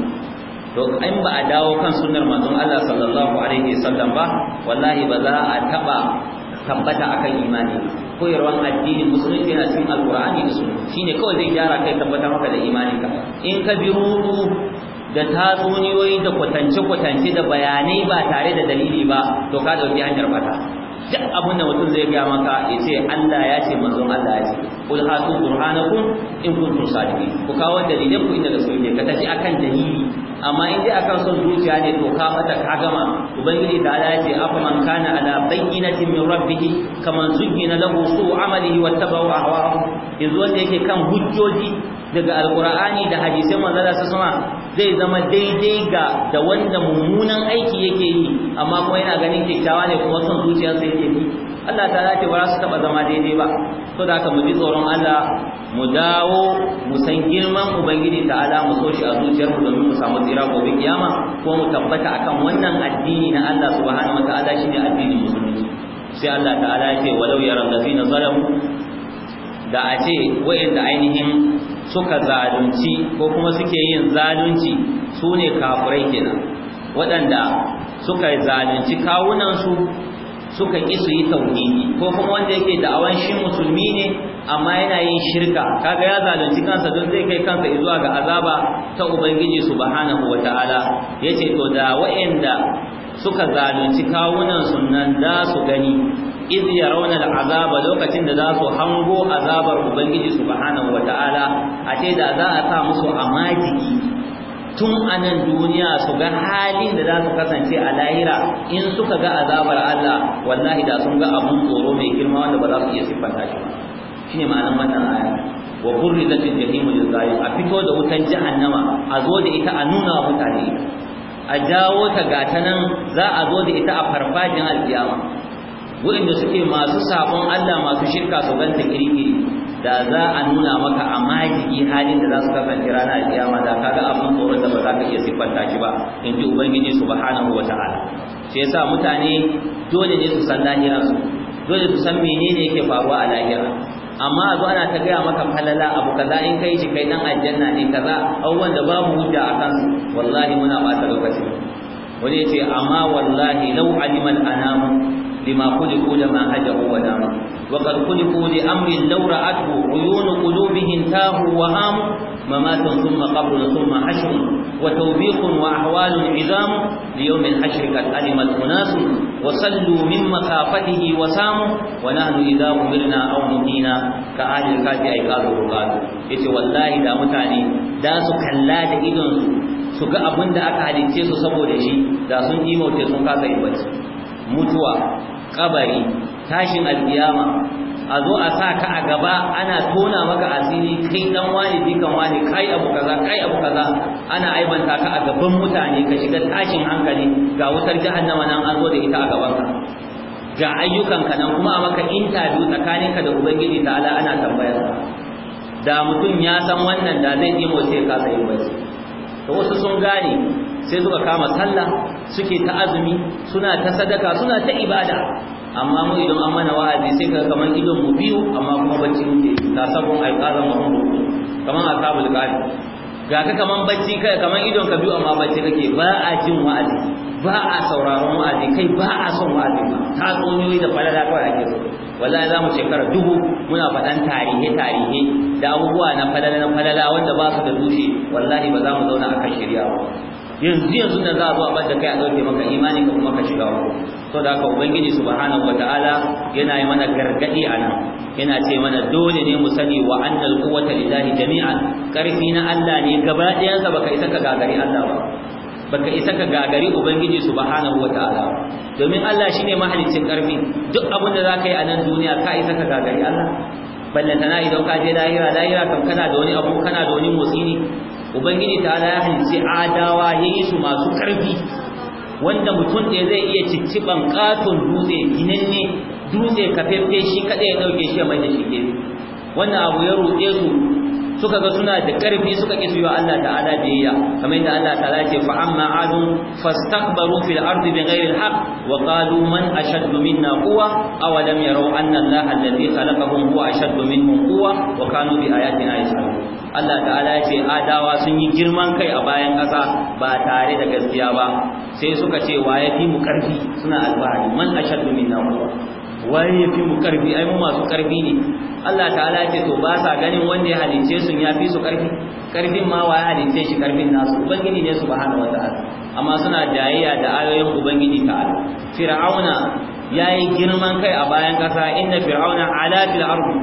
to in ba a dawo kan sunnar manzon Allah sallallahu alaihi wasallam ba wallahi ba za a taba tabbata akan imani koyarwan addinin musulunci yana cikin alqur'ani da sunna shine kawai zai gyara kai tabbata maka da imaninka in ka bi ruhu da tatsuniyoyi da kwatance-kwatance da bayanai ba tare da dalili ba to ka dauki hanyar bata duk abun da mutum zai ga maka ya ce Allah ya ce manzon Allah ya ce kul hatu qur'anakum in kuntum sadiqin ku kawo dalilin ku inda da su ka tafi akan dalili amma in dai akan son zuciya ne to ka mata ka gama ubangiji da Allah ce afa man kana ala bayyinatin min rabbih kaman zuyyina lahu su'u amalihi wattaba'u ahwa'ahu yanzu wanda yake kan hujjoji daga alqur'ani da hadisai manzo Allah sama zai zama daidai ga da wanda mummunan aiki yake yi amma kuma yana ganin kyakkyawa ne kuma son zuciyarsa yake yi Allah ta ce ba su taba zama daidai ba to da haka mu ji tsoron Allah mu dawo mu san girman ubangiji ta ala mu so shi a zuciyar mu domin mu samu tsira gobe kiyama ko mu tabbata akan wannan addini na Allah subhanahu wataala shine addini musulunci sai Allah ta'ala ce walau yaran lazina zalamu da a ce wayanda ainihin suka zalunci ko kuma suke yin zalunci su ne kafirai kenan waɗanda suka zalunci kawunansu suka ki su yi tauhidi ko kuma wanda yake da'awan shi musulmi ne amma yana yin shirka kaga ya zalunci kansa don zai kai kansa zuwa ga azaba ta ubangiji subhanahu wata'ala yace to da wa'anda suka zalunci kawunan sunnan da su gani iz yarawna al'azaba lokacin da za su hango azabar ubangiji subhanahu wata'ala a ce da za a sa musu amajiki tun a nan duniya su ga halin da za su kasance a lahira in suka ga azabar Allah wallahi da sun ga abun tsoro mai girma wanda ba za su iya siffanta shi Shi shine ma'anar wannan aya wa burrizatil jahimu lil zalim a fito da wutan jahannama a zo da ita a nuna wa mutane a jawo ta gata nan za a zo da ita a farfajin alkiyama wanda suke masu sabon Allah masu shirka su ganta kirkiri da za a nuna maka a majigi halin da za su kasance rana a kiyama da kaga abin tsoron da ba za ka iya siffanta shi ba in ji ubangiji subhanahu wa ta'ala sai yasa mutane dole ne su san lahira su dole su san menene yake faruwa a lahira amma a zo ana ta gaya maka falala abu kaza in kai shi kai dan aljanna ne kaza abubuwan da babu hujja a kansu wallahi muna bata lokaci wani ya ce amma wallahi lau alimal anamu بما خلقوا لما هجروا وناموا وقد خلقوا لأمر لو رأته عيون قلوبهم تاهوا وهاموا ممات ثم قبر ثم حشر وتوبيخ وأحوال عظام ليوم الحشر قد علمت أناس وصلوا من مخافته وساموا ونحن إذا أمرنا أو نهينا كأهل الكافي أي قالوا قالوا يتي والله دا متاني دا سكلا دا إذن سكا أبن دا أكا حديثي سبو دا شي دا سن إيمو تي سن كاسا mutuwa kabari tashin alkiyama a zo a sa ka a gaba ana tona maka asiri kai dan wani bi kan wani kai abu kaza kai abu kaza ana aibanta ka a gaban mutane ka shiga tashin hankali ga wutar jahannama nan an zo da ita a gaban ka ga ka nan kuma a maka interview tsakaninka da ubangiji da ala ana tambayar da mutum ya san wannan da zai yi sai ka sai bai to wasu sun gane sai suka kama sallah suke ta azumi suna ta sadaka suna ta ibada amma mu idan an mana wa'azi sai ka kaman idan mu biyu amma kuma bacci muke ta sabon ai mu mu kaman asabul qadi ga ka kaman bacci kai kaman idon ka biyu amma bacci kake ba a jin wa'azi ba a sauraron wa'azi kai ba a son wa'azi ta tsoniyoyi da falala kawai ake so wallahi za mu shekara dubu muna faɗan tarihe-tarihe da abubuwa na falala na falala wanda ba su da tushe wallahi ba za mu zauna a kan shirya ba yanzu yanzu da za a zo a kai a dauke maka imani ka kuma ka shiga uku to da haka ubangiji subhanahu wataala yana yi mana gargadi nan yana ce mana dole ne mu sani wa annal quwwata lillahi jami'an karfi na Allah ne gaba ɗayan sa baka isa ka gagari Allah ba baka isa ka gagari ubangiji subhanahu wataala domin Allah shine mahaliccin karfi duk abin da zaka yi a nan duniya ka isa ka gagari Allah ballantana idan ka je lahira lahira kam kana da wani abu kana da wani motsi ne ubangiji ta ala ya halice adawa ya yi su masu ƙarfi wanda mutum ɗaya zai iya cicciban ƙaton dutse ginanne dutse kafeffe shi kaɗai ya ɗauke shi mai da shi ke wannan abu ya ruɗe su suka ga suna da karfi suka ki su Allah ta'ala biyayya kamar yadda Allah ta'ala ce fa amma adun fastakbaru fil ardi bighairi alhaq wa qalu man ashaddu minna quwwa aw lam yaraw anna Allah alladhi khalaqahum huwa ashaddu minhum quwwa wa kanu bi ayatina yashrun Allah ta'ala ya ce adawa sun yi girman kai a bayan ƙasa ba tare da gaskiya ba sai suka ce wa ya fi mu ƙarfi suna alfahari man ashaddu minna quwwa waye ya fi mu karfi ai mu masu karfi ne Allah ta'ala ce to ba sa ganin wanda ya halice su ya fi su karfi karfin ma waye halice shi karfin nasu ubangiji ne subhanahu wata'ala amma suna jayayya da ayoyin ubangiji ta'ala fir'auna yayi girman kai a bayan kasa inna fir'auna ala fil ardi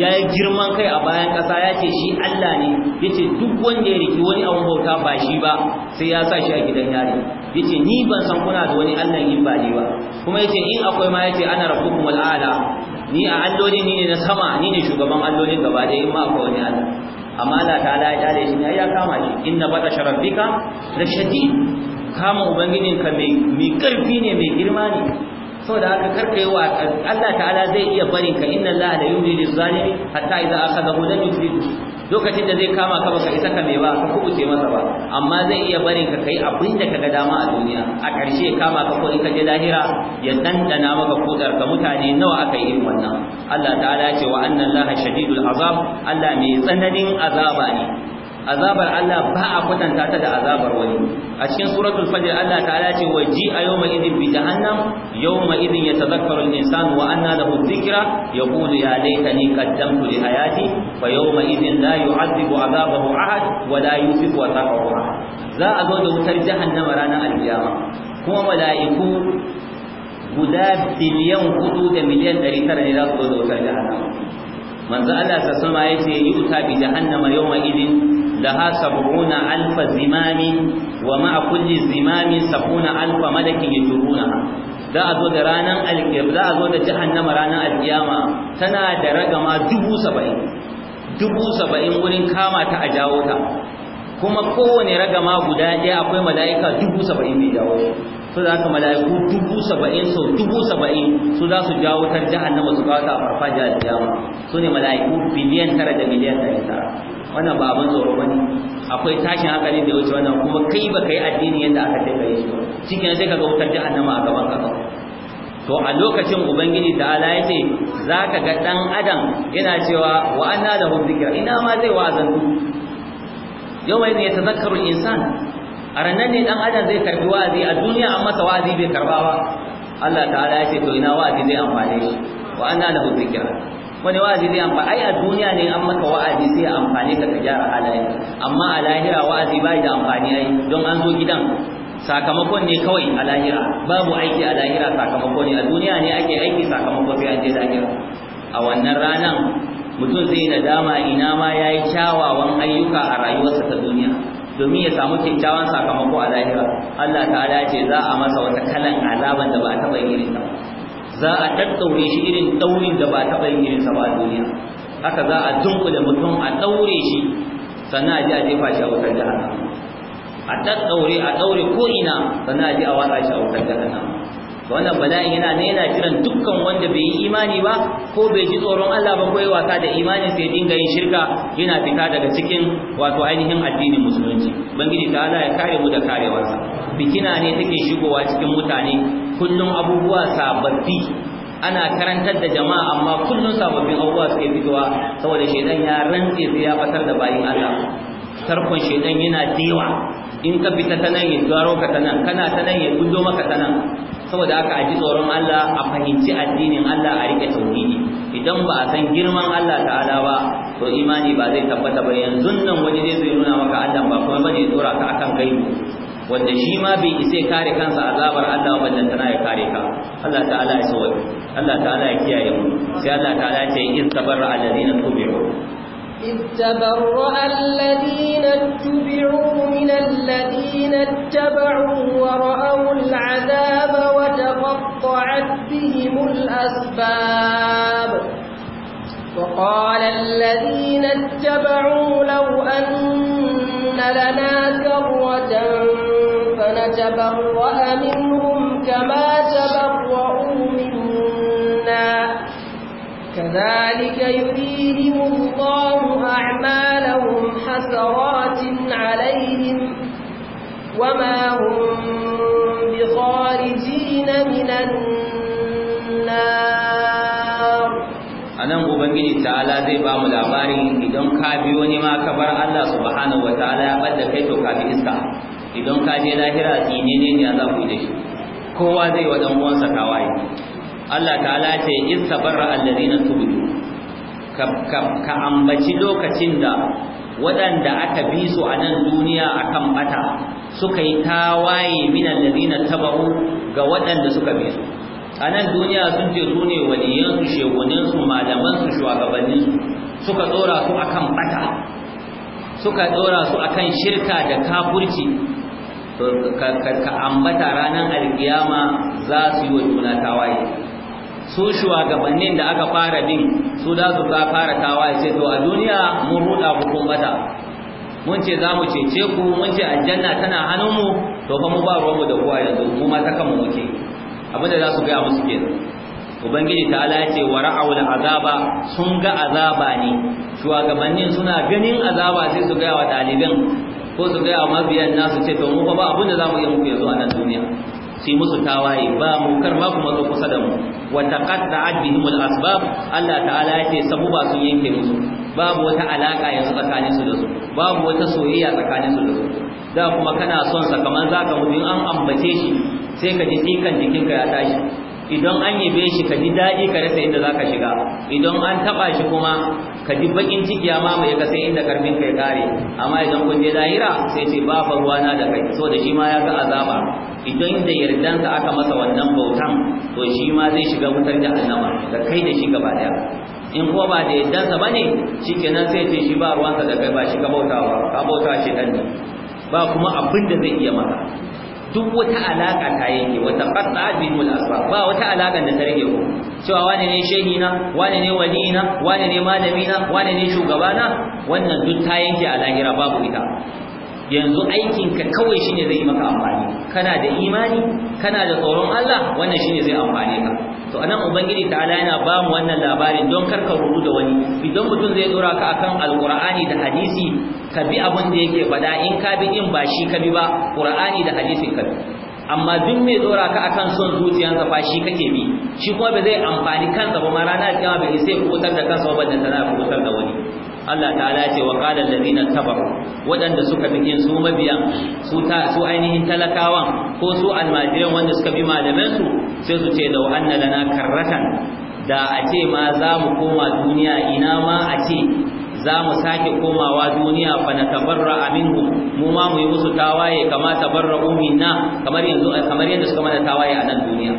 yayi girman kai a bayan kasa yace shi Allah ne yace duk wanda ya riki wani abun bauta ba shi ba sai ya sa shi a gidan yari yace ni ban san kuna da wani Allah yin ba ba kuma yace in akwai ma yace ana rabbukum wal ala ni a alloli ni ne na sama ni ne shugaban allolin gaba da in ma akwai wani Allah amma Allah ta'ala ya kare shi ne ya kama shi inna bata sharabbika la shadid kama ubangijinka mai mai karfi ne mai girma ne saboda haka karka yi wa Allah ta'ala zai iya barin ka inna Allah la yumli lil zalimi hatta idza akhadahu lam yuflihu lokacin da zai kama ka baka isa ka me ba ka kubuce masa ba amma zai iya barin ka kai abin da kaga dama a duniya a ƙarshe kama ka ko in ka je lahira ya dandana maka kudar ka mutane nawa aka yi wannan Allah ta'ala ce wa anna Allah shadidul azab Allah mai tsananin azaba ne azabar Allah ba a kwatanta ta da azabar wani a cikin suratul fajr Allah ta'ala ce wa ji a yawma idin bi jahannam yawma idin yatadhakkaru al-insanu wa anna lahu dhikra yaqulu ya laitani qaddamtu li hayati fa yawma idin la yu'adhibu azabahu ahad wa la yusifu wasaqahu ahad za a zo da wutar jahannama ranar alkiyama kuma mala'iku guda biliyan hudu da miliyan ɗari tara ne za su zo da wutar jahannama manzo Allah sassama ya ce yi wuta bi jahannama yawma idin لها سبعون ألف زمام ومع كل زمام سبعون ألف ملك يجرونها za a zo da ranar alkiyama za a zo da jahannama ranar alƙiyama, tana da ragama dubu saba'in dubu saba'in wurin kama ta a jawo ta kuma kowane ragama guda ɗaya akwai mala'ika dubu saba'in mai jawo su za ka mala'iku dubu saba'in sau dubu saba'in su za su jawo wutar jahannama su kawo ta a farfajiyar kiyama su ne mala'iku biliyan tara da miliyan ɗari tara wannan ba abin tsoro bane akwai tashin hankali da wuce wannan kuma kai ba kai addini yadda aka ce kai shi cikin sai kaga wutar jahannama a gaban ka to a lokacin ubangiji da ala za ka ga dan adam yana cewa wa'anna da hudu dhikra ina ma zai wa'azantu ne yatazakkaru al-insan a ranar ne dan adam zai karbi wa'azi a duniya an masa wa'azi bai karba ba Allah ta'ala ya ce to ina wa'azi zai amfane shi wa anna lahu dhikra wani wa'azi zai amfani ai a duniya ne an maka wa'azi sai amfani ka ka gyara halaye amma a lahira wa'azi bai da amfani ai don an zo gidan sakamakon ne kawai a lahira babu aiki a lahira sakamako ne a duniya ne ake aiki sakamako sai an je lahira a wannan ranan mutum zai nadama ina ma yayi kyawawan ayyuka a rayuwarsa ta duniya domin ya samu kyakkyawan sakamako a lahira Allah ta'ala ce za a masa wata kalan azaban da ba a taɓa yin irinsa za a tattaure shi irin daurin da ba a taɓa yin irinsa ba a duniya haka za a dunkule mutum a daure shi sannan a ji a jefa shi a wutar jahannama a daddaure a daure ko ina sannan a ji a watsa shi a wutar jahannama wannan bala'in yana ne yana kiran dukkan wanda bai yi imani ba ko bai ji tsoron Allah ba ko ya wasa da imani sai dinga yin shirka yana fita daga cikin wato ainihin addinin musulunci bangiji ta Allah ya kare mu da karewarsa Bikina ne take shigowa cikin mutane kullum abubuwa sababbi ana karantar da jama'a amma kullum sababbin abubuwa suke fitowa saboda shedan ya rantse sai ya fatar da bayin Allah tarkon shedan yana dewa in ka fita ta nan ya garo ka ta nan kana ta nan ya gudo maka ta nan saboda haka a ji tsoron Allah a fahimci addinin Allah a rike tauhidi idan ba a san girman Allah ta'ala ba to imani ba zai tabbata ba yanzu nan wani zai zo nuna maka Allah ba kuma bane tsora ka akan kai wanda shi ma bai isa kare kansa azabar Allah dan tana ya kare ka Allah ta'ala ya sauke Allah ta'ala ya kiyaye mu sai Allah ta'ala ya ce in tabarra alladhina إذ تبرأ الذين اتبعوا من الذين اتبعوا ورأوا العذاب وتقطعت بهم الأسباب وقال الذين اتبعوا لو أن لنا كرة فنتبرأ منهم كما تبرأ كذلك يريهم الله أعمالهم حسرات عليهم وما هم بخارجين من النار anan ubangiji ta'ala zai ba mu labarin idan ka bi wani ma ka bar Allah subhanahu wataala ya bada kai to ka bi iska idan ka je lahira tsine ne ne za ku yi da shi kowa zai wa dan uwansa tawaye Allah ta'ala ce istabarra alladhina tubu ka ambaci lokacin da waɗanda aka bi su a nan duniya akan bata suka yi tawaye minan ladina tabaru ga waɗanda suka bi su a nan duniya sun ce su ne waliyansu malamansu shugabanni suka tsora su akan bata suka tsora su akan shirka da kafurci ka ambata ranar alkiyama za su yi wa juna tawaye su shugabannin da aka fara bin su da su ka fara tawa ya ce to a duniya mun ruda ku kun mun ce za mu cece ku mun ce aljanna tana hannunmu to fa mu ba mu da kuwa yanzu mu ma ta kanmu muke abin da za su gaya musu kenan ubangiji ta ala ce wa ra'awul azaba sun ga azaba ne shugabannin suna ganin azaba sai su gaya wa ɗaliban ko su gaya wa mabiyan nasu ce to mu fa ba abin da za mu yi muke yanzu a nan duniya su musu tawaye ba mu kar ma kuma zo kusa da mu Wata taqatta'at bihim al-asbab Allah ta'ala yace ba sun yanke musu babu wata alaka yanzu tsakanin su da su babu wata soyayya tsakanin su da su da kuma kana son sa kaman zaka mutu in an ambace shi sai ka ji tsikan jikinka ya tashi idan an yabe shi ka ji daɗi ka rasa inda zaka shiga idan an taɓa shi kuma ka ji bakin ciki ya mamaye ka sai inda karfin ka ya kare amma idan kun je lahira sai ce ba fa ruwana da kai so da shi ma ya ga azaba idan da yardansa aka masa wannan bautan to shi ma zai shiga wutar jahannama da kai da shi gaba daya in kuma ba da yardansa bane shikenan sai ce shi ba sa da kai ba shi ka bautawa ka bauta shi dan ne ba kuma abin da zai iya maka duk wata alaka ta yake wata qatta bil asbab ba wata alaka da ta rage ko cewa wane ne shehi na wane ne wali na wane ne malami na wane ne shugaba na wannan duk ta yanke a lahira babu ita yanzu aikinka kawai shine zai maka amfani kana da imani kana da tsoron Allah wannan shine zai amfane ka to anan ubangiji ta'ala yana ba mu wannan labarin don kar ka da wani idan mutum zai dora ka akan alqur'ani da hadisi ka bi abin da yake faɗa in ka bi din ba shi ka bi ba qur'ani da hadisi ka amma duk mai dora ka akan son zuciyarsa fa shi kake bi shi kuma ba zai amfani kansa ba ma rana kiyama bai sai kubutar da kansa ba da tana kubutar da wani Allah ta'ala ya ce wa qala allazina tabaru wadanda suka bi su mabiyan su ta su ainihin talakawan ko su almajiran wanda suka bi malaman su sai su ce law anna lana karratan da a ce ma za mu koma duniya ina ma a ce za mu sake komawa duniya fa na tabarra aminu mu ma mu yi musu tawaye kama tabarra Umina, kamar yanzu kamar yanda suka mana tawaye a nan duniya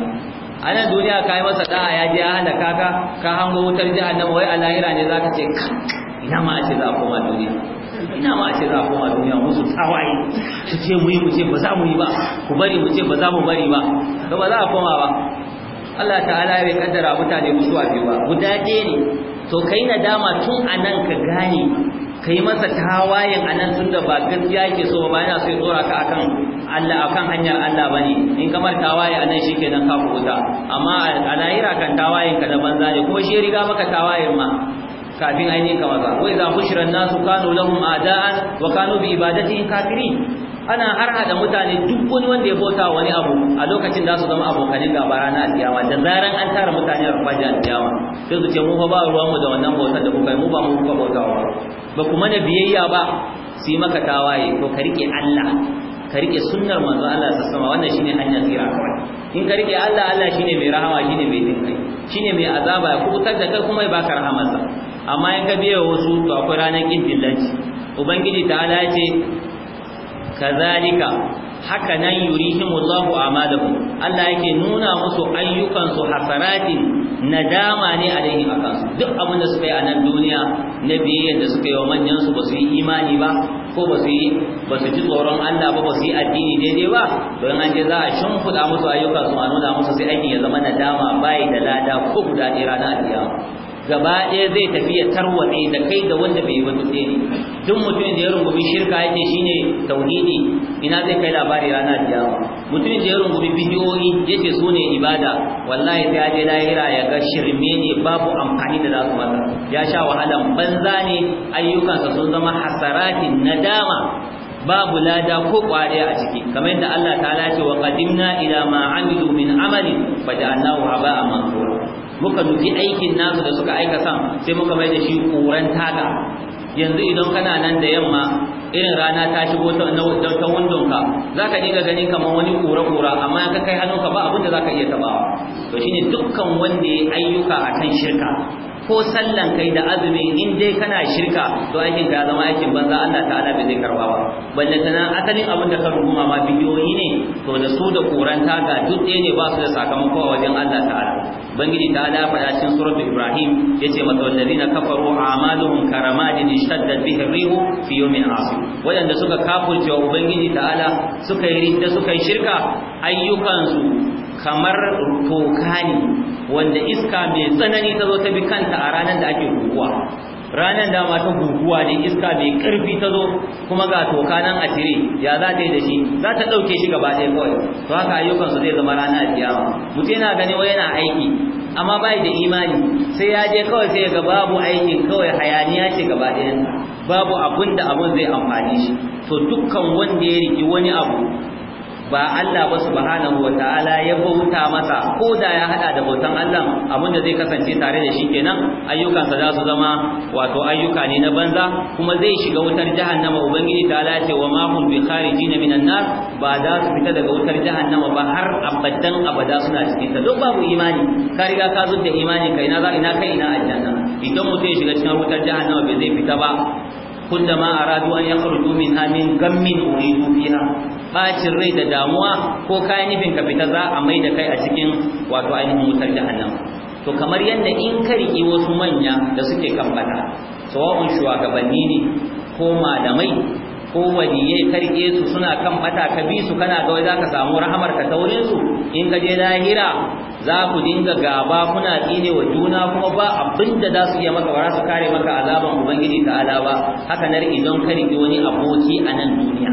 a nan duniya kai masa da'a ya je ya halaka ka ka hango wutar jahannama wai a lahira ne zaka ce ina ma ce za a koma duniya ina ma ce za a koma duniya musu tawaye su ce mu yi mu ce ba za mu yi ba ku bari mu ce ba za mu bari ba ga ba za a koma ba Allah ta'ala bai kaddara mutane musu biyu ba guda ɗaya ne to kai nadama tun anan ka gane yi masa tawayen anan tun da ba gaskiya ke so ba yana so ya tsora ka akan Allah akan hanyar Allah bane in kamar tawaye anan nan ka wuta, amma a lahira kan tawayen ka da banza ne kuma shi riga maka tawayen ma kafin ainihin ka maza wai za bushran nasu kanu lahum a'da'an wa kanu bi ibadatihim kafirin ana har hada mutane duk wani wanda ya bauta wani abu a lokacin da su zama abokanin gaba rana alkiyama da zaran an tara mutane a rufajin alkiyama sai su ce mu fa ba ruwa mu da wannan bautar da kuka yi mu ba mu kuka wa ba ku mana biyayya ba su yi maka tawaye ko ka rike Allah ka rike sunnar manzo Allah ta sama wannan shine hanyar tsira in ka rike Allah Allah shine mai rahama shine mai dinkai shine mai azaba ya kubutar da kai kuma ya baka rahamarsa amma in ka biya wasu to akwai ranar kin ubangiji ta ala ce zalika haka nan a madabu Allah yake nuna musu ayyukansu hasarati, na nadama ne a alaihi akan duk abin da suka yi a nan duniya na biyayya da suka yi wa manyansu su ba su yi imani ba ko ba su yi ba su ji tsoron Allah ba ba su yi addini daidai ba don an je za a shimfiɗa musu ayyukansu a nuna musu sai aikin ya zama nadama bai da lada ko guda ɗaya ranar alkiyama gaba ɗaya zai tafi ya tarwaɗe da kai da wanda bai yi ba duk ne duk mutumin da ya rungumi shirka yake shine tauhidi ina zai kai labari ranar kiyama mutumin da ya rungumi bidiyoyi ce su ne ibada wallahi sai ya je lahira ya ga shirme ne babu amfani da su masa ya sha wahalan banza ne ayyukansa sun zama hasaratin nadama babu lada ko kware a ciki kamar yadda Allah ta ce wa qadimna ila ma amilu min a faja'alnahu haba'an mansura muka dubi aikin nasu da suka aika san sai muka mai da shi koran taga yanzu idan kana nan da yamma irin rana ta shigo ta ta za ka zaka gani kamar wani kura-kura amma ka kai hannunka ba abin da ka iya tabawa to shine dukkan wanda ya ayyuka akan shirka ko sallan kai da azumi in dai kana shirka to aikin ka zama aikin banza Allah ta'ala bai zai karba ba balle tana asalin abin da ka rubuma ma bidiyoyi ne to da su da koranta ga duk ɗaya ne ba su da sakamako a wajen Allah ta'ala bangiji ta ala fara cikin suratul ibrahim yace mata wallazina kafaru a'maluhum karamatin ishtaddat bihi rihu fi yawmin asif wadanda suka kafurce wa ubangiji ta'ala suka yi ridda suka yi shirka ayyukansu kamar toka ne wanda iska mai tsanani ta zo ta bi kanta a ranar da ake guguwa ranar da mata ta guguwa ne iska mai karfi ta zo kuma ga toka nan a tire ya za ta yi da shi za ta ɗauke shi gaba ɗaya kawai to haka ayyukansu zai zama rana kiyama mutu yana gani wai yana aiki amma bai da imani sai ya je kawai sai ga babu aikin kawai hayaniya ce gaba ɗaya babu abun da abun zai amfani shi to dukkan wanda ya riki wani abu ba Allah ba subhanahu ta'ala ya bauta masa ko da ya hada da bautan Allah abin da zai kasance tare da shi kenan ayyukansa za su zama wato ayyuka ne na banza kuma zai shiga wutar jahannama ubangiji ta ce wa ma hum bi kharijin minan nar ba za su fita daga wutar jahannama ba har abadan abada suna cikin ta duk babu imani ka riga ka zubda imani kai na za ina kai ina aljanna idan mutum ya shiga cikin wutar jahannama bai zai fita ba ma aradu an yakhruju minha min gammin uridu fiha bacin rai da damuwa ko kayan nufin ka fita za a mai da kai a cikin wato ainihin wutar jahannam to kamar yadda in ka wasu manya da suke kan bata sawa'un shugabanni ne ko malamai ko waliyai ka su suna kan ka bi su kana ga wai zaka samu rahamar ka taurin su in ka je lahira za ku dinga gaba kuna tsine wa juna kuma ba abin da za su iya maka ba su kare maka azaban ubangiji ta alaba haka nar idan ka rike wani aboki a nan duniya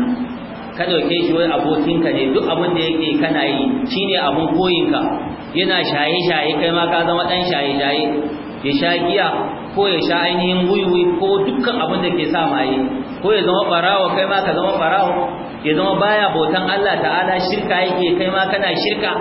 ka dauke shi wani abokinka ne duk abin da yake kana yi shine abin koyinka yana shaye shaye kai ma ka zama dan shaye shaye ya sha giya ko ya sha ainihin wuiwui ko dukkan abin da ke sa maye ko ya zama barawa kai ma ka zama barawa ya zama baya bautan Allah ta'ala shirka yake kai ma kana shirka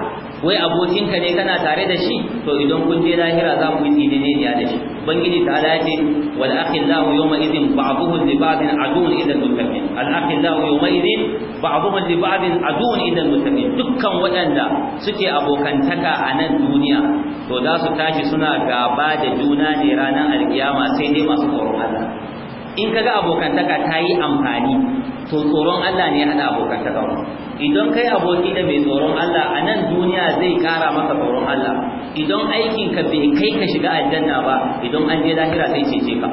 wai abokinka ne kana tare da shi to idan kun je lahira za ku yi tsineniya da shi ubangiji ta ala ce wal akhillahu yawma idhin ba'dhuhum li ba'din aduwwun idan muttaqin al akhillahu yawma idhin ba'dhuhum li ba'din aduwwun idan muttaqin dukkan waɗanda suke abokantaka a nan duniya to za su tashi suna gaba da juna ne ranar alkiyama sai dai masu tsoron Allah in kaga abokantaka ta yi amfani to tsoron Allah ne ya hada abokantaka idan kai aboki da mai tsoron Allah a nan duniya zai kara maka tsoron Allah idan aikin ka bai kai ka shiga aljanna ba idan an je lahira sai cece ka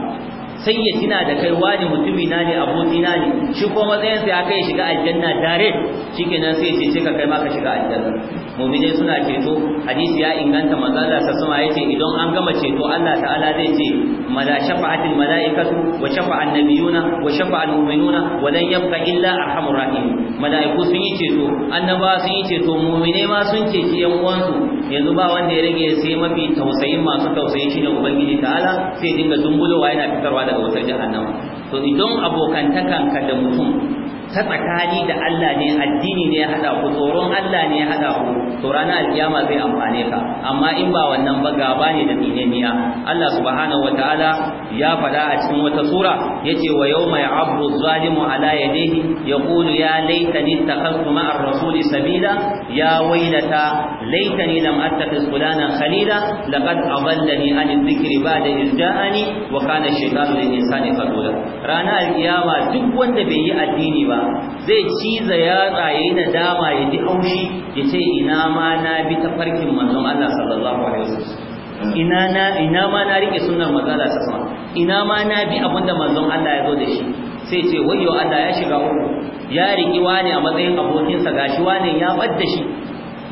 sai ya tina da kai wani mutumi na ne aboki na ne shi ko matsayin ya kai shiga aljanna direct shikenan sai ya cece ka kai maka shiga aljanna mu'mine suna ceto hadisi ya inganta manzala sa sama yace idan an gama ceto Allah ta'ala zai ce mala shafa'atil malaikatu wa shafa'an nabiyuna wa shafa'al mu'minuna wa lan yabqa illa arhamur rahim malaiku sun yi ceto annaba sun yi ceto mu'mine ma sun ceci yan uwansu yanzu ba wanda ya rage sai mafi tausayin masu tausayi shine ubangiji ta'ala sai dinga dumbulowa yana fitarwa daga wutar jahannama to idan abokantakanka da mutum ta tsakani da Allah ne addini ne ya hada ku tsoron Allah ne ya hada ku to ranar alkiyama zai amfane ka amma in ba wannan ba gaba ne da tsinaniya Allah subhanahu wataala ya fada a cikin wata sura yace wa yawma ya'abdu zalimu ala yadayhi yaqulu ya laitani ittakhadtu ma'a ar-rasul sabila ya waylata laitani lam attakhiz fulana khalila laqad adallani an adh-dhikri ba'da idh ja'ani wa kana ash-shaytanu lil-insani qadula ranar alkiyama duk wanda bai yi addini ba zai ciza yatsa yayi nadama ya ji haushi ya ce ina ma na bi ta farkin manzon Allah sallallahu alaihi wasallam ina na ina ma na rike sunnar manzon Allah sallallahu alaihi wasallam ina ma na bi abinda manzon Allah ya zo da shi sai ce wayyo Allah ya shiga uku ya riki wani a matsayin abokinsa gashi wani ya badda shi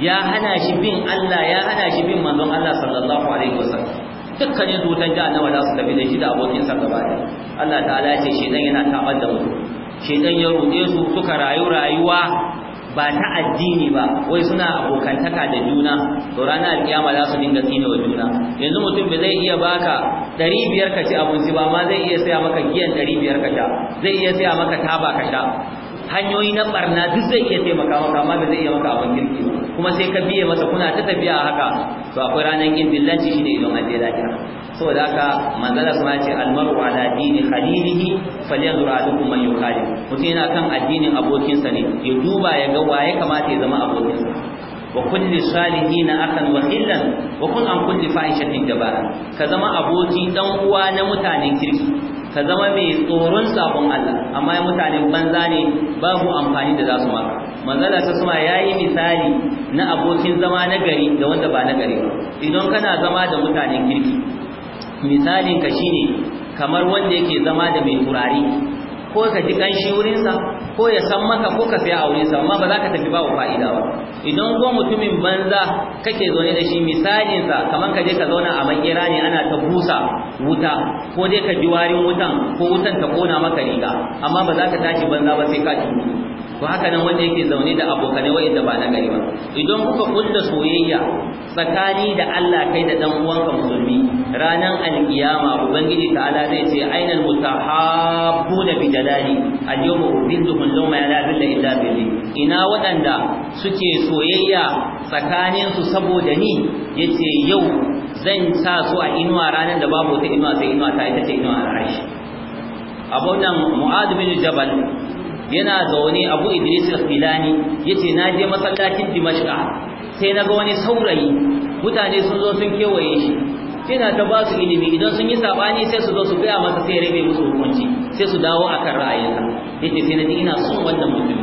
ya hana shi bin Allah ya hana shi bin manzon Allah sallallahu alaihi wasallam dukkanin tutan jahannama za su tafi da shi da abokinsa gaba Allah ta'ala ya ce shi dan yana tabar da mutum dan ya ruɗe su suka rayu rayuwa ba ta addini ba wai suna abokantaka da juna to ranar alkiyama za su dinga tsine wa juna yanzu mutum bai zai iya baka 500 biyar ka ci abinci ba ma zai iya saya maka giyan 500 biyar ka zai iya saya maka taba ka sha hanyoyi na barna duk zai iya taimaka maka amma bai zai iya maka abin girki ba kuma sai ka biye masa kuna ta tafiya haka to akwai ranar yin dillanci shine idan an je lahira saboda haka manzala kuma ce almaru ala dini khalilihi falyanzur ahadukum man yukhalil mutum yana kan addinin abokinsa ne ya duba ya ga waye kamata ya zama abokinsa wa kulli salihina akan wa khillan wa kun an kulli fahishatin jabara ka zama aboki dan uwa na mutanen kirki ka zama mai tsoron sabon Allah amma mutane banza ne babu amfani da zasu su maka manzala ta suma yayi misali na abokin zama na gari da wanda ba na gari ba idan kana zama da mutanen kirki misalin ka shine kamar wanda yake zama da mai turare ko ka ji kanshi wurinsa ko ya san maka ko ka saya a wurinsa amma ba za ka tafi ba fa'ida ba idan ko mutumin banza kake zaune da shi misalinsa kamar ka je ka zauna a makera ne ana ta busa wuta ko dai ka ji warin wutan ko wutan ta kona maka riga amma ba za ka tashi banza ba sai ka ji ko haka nan wanda yake zaune da abokanai wa'inda ba na gari ba idan kuka kulla soyayya tsakani da Allah kai da dan uwanka musulmi ranan alkiyama ubangiji ta'ala zai ce ainal da bi dalali al-yawma ubilluhum lawma la ilaha illa billah ina wadanda suke soyayya tsakanin su saboda ni yace yau zan sa su a inuwa ranar da babu ta inuwa sai inuwa ta ita ce inuwa arashi abunan mu'ad bin jabal yana zaune abu idris al-filani yace na je masallacin dimashqa sai na ga wani saurayi mutane sun zo sun kewaye shi yana ta ba su ilimi idan sun yi sabani sai su zo su gaya masa sai rabe musu hukunci sai su dawo akan ra'ayinsa yace sai na ji ina son wannan mutum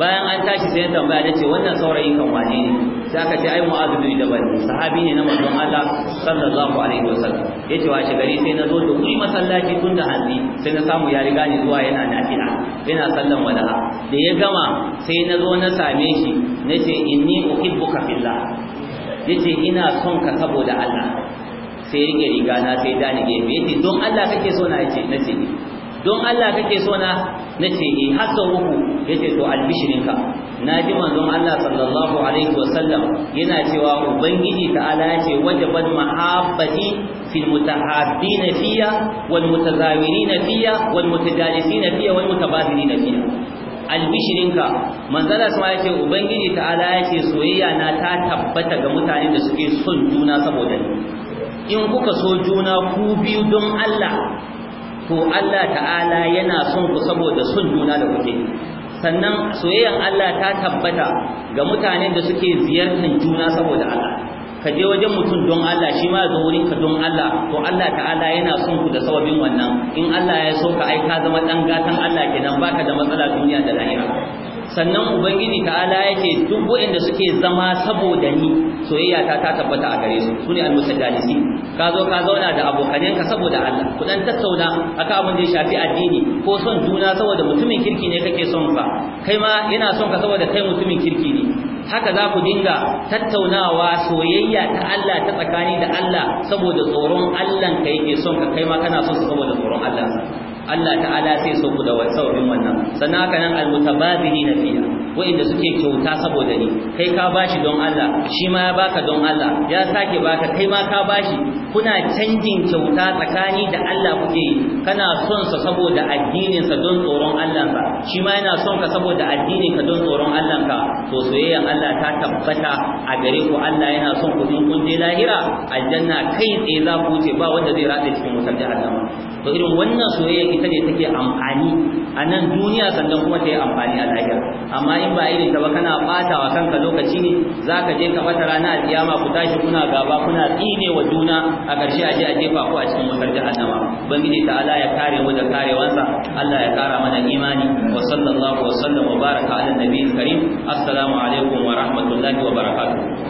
bayan an tashi sai tambaya na ce wannan saurayi kan wane ne sai aka ce ai mu'adh bin jabal sahabi ne na manzon Allah sallallahu alaihi wasallam yace wa shi gari sai na zo da kuma masallaci tun da hanzi sai na samu ya riga ni zuwa yana nafila yana sallan wadaha da ya gama sai na zo na same shi nace inni uhibbuka fillah yace ina son ka saboda Allah sai rike riga na sai da ni gefe yace don Allah kake so na yace na ce don Allah kake so na na ce eh hasa uku yace to albishirinka ji manzon Allah sallallahu alaihi wasallam yana cewa ubangiji ta'ala yace wajabat mahabbati fil mutahabbina fiya wal mutazawirina fiya wal mutajalisina fiya wal mutabadilina fiya albishirinka manzala sama yace ubangiji ta'ala yace soyayya na ta tabbata ga mutanen da suke son juna saboda ni in kuka so juna ku biyu don Allah to Allah ta'ala yana son ku saboda son juna da kuke sannan soyayyar Allah ta tabbata ga mutanen da suke ziyartar juna saboda Allah ka je wajen mutum don Allah shi ma zo wurin ka don Allah to Allah ta'ala yana son ku da sababin wannan in Allah ya so ka aika zama dan gatan Allah kenan baka da matsala duniya da lahira sannan ubangiji ta'ala yake duk wanda suke zama saboda ni soyayya ta ta tabbata a gare su sune al-musaddalisi ka zo ka zauna da abokanenka saboda Allah ku dan tattauna akan abin da ya shafi addini ko son juna saboda mutumin kirki ne kake son fa kai ma yana son ka saboda kai mutumin kirki ne haka za ku dinga tattaunawa soyayya ta Allah ta tsakani da Allah saboda tsoron Allah ka ke son ka kai ma kana son saboda tsoron Allah Allah ta'ala sai so ku da saurin wannan sannan haka nan almutabadili na fiya wa'inda suke kyauta saboda ni kai ka bashi don Allah shi ma ya baka don Allah ya sake baka kai ma ka bashi kuna canjin kyauta tsakani da Allah kuke yi kana son sa saboda addinin sa don tsoron Allah shi ma yana son ka saboda addinin ka don tsoron Allah ka to Allah ta tabbata a gare ku Allah yana son ku in kun je lahira aljanna kai tsaye za ku wuce, ba wanda zai rada cikin wutar jahannama to irin wannan soyayya ita ne take amfani a nan duniya sannan kuma ta yi amfani a lahira amma in ba irin ta ba kana bata wa kanka lokaci ne za ka je ka fata rana a tsiyama ku tashi kuna gaba kuna tsine wa juna a ƙarshe a je a jefa ku a cikin wutar jahannama ubangiji ta Allah ya kare mu da karewansa Allah ya kara mana imani wa sallallahu wa sallam wa baraka ala nabiyil karim assalamu alaikum wa rahmatullahi wa barakatuh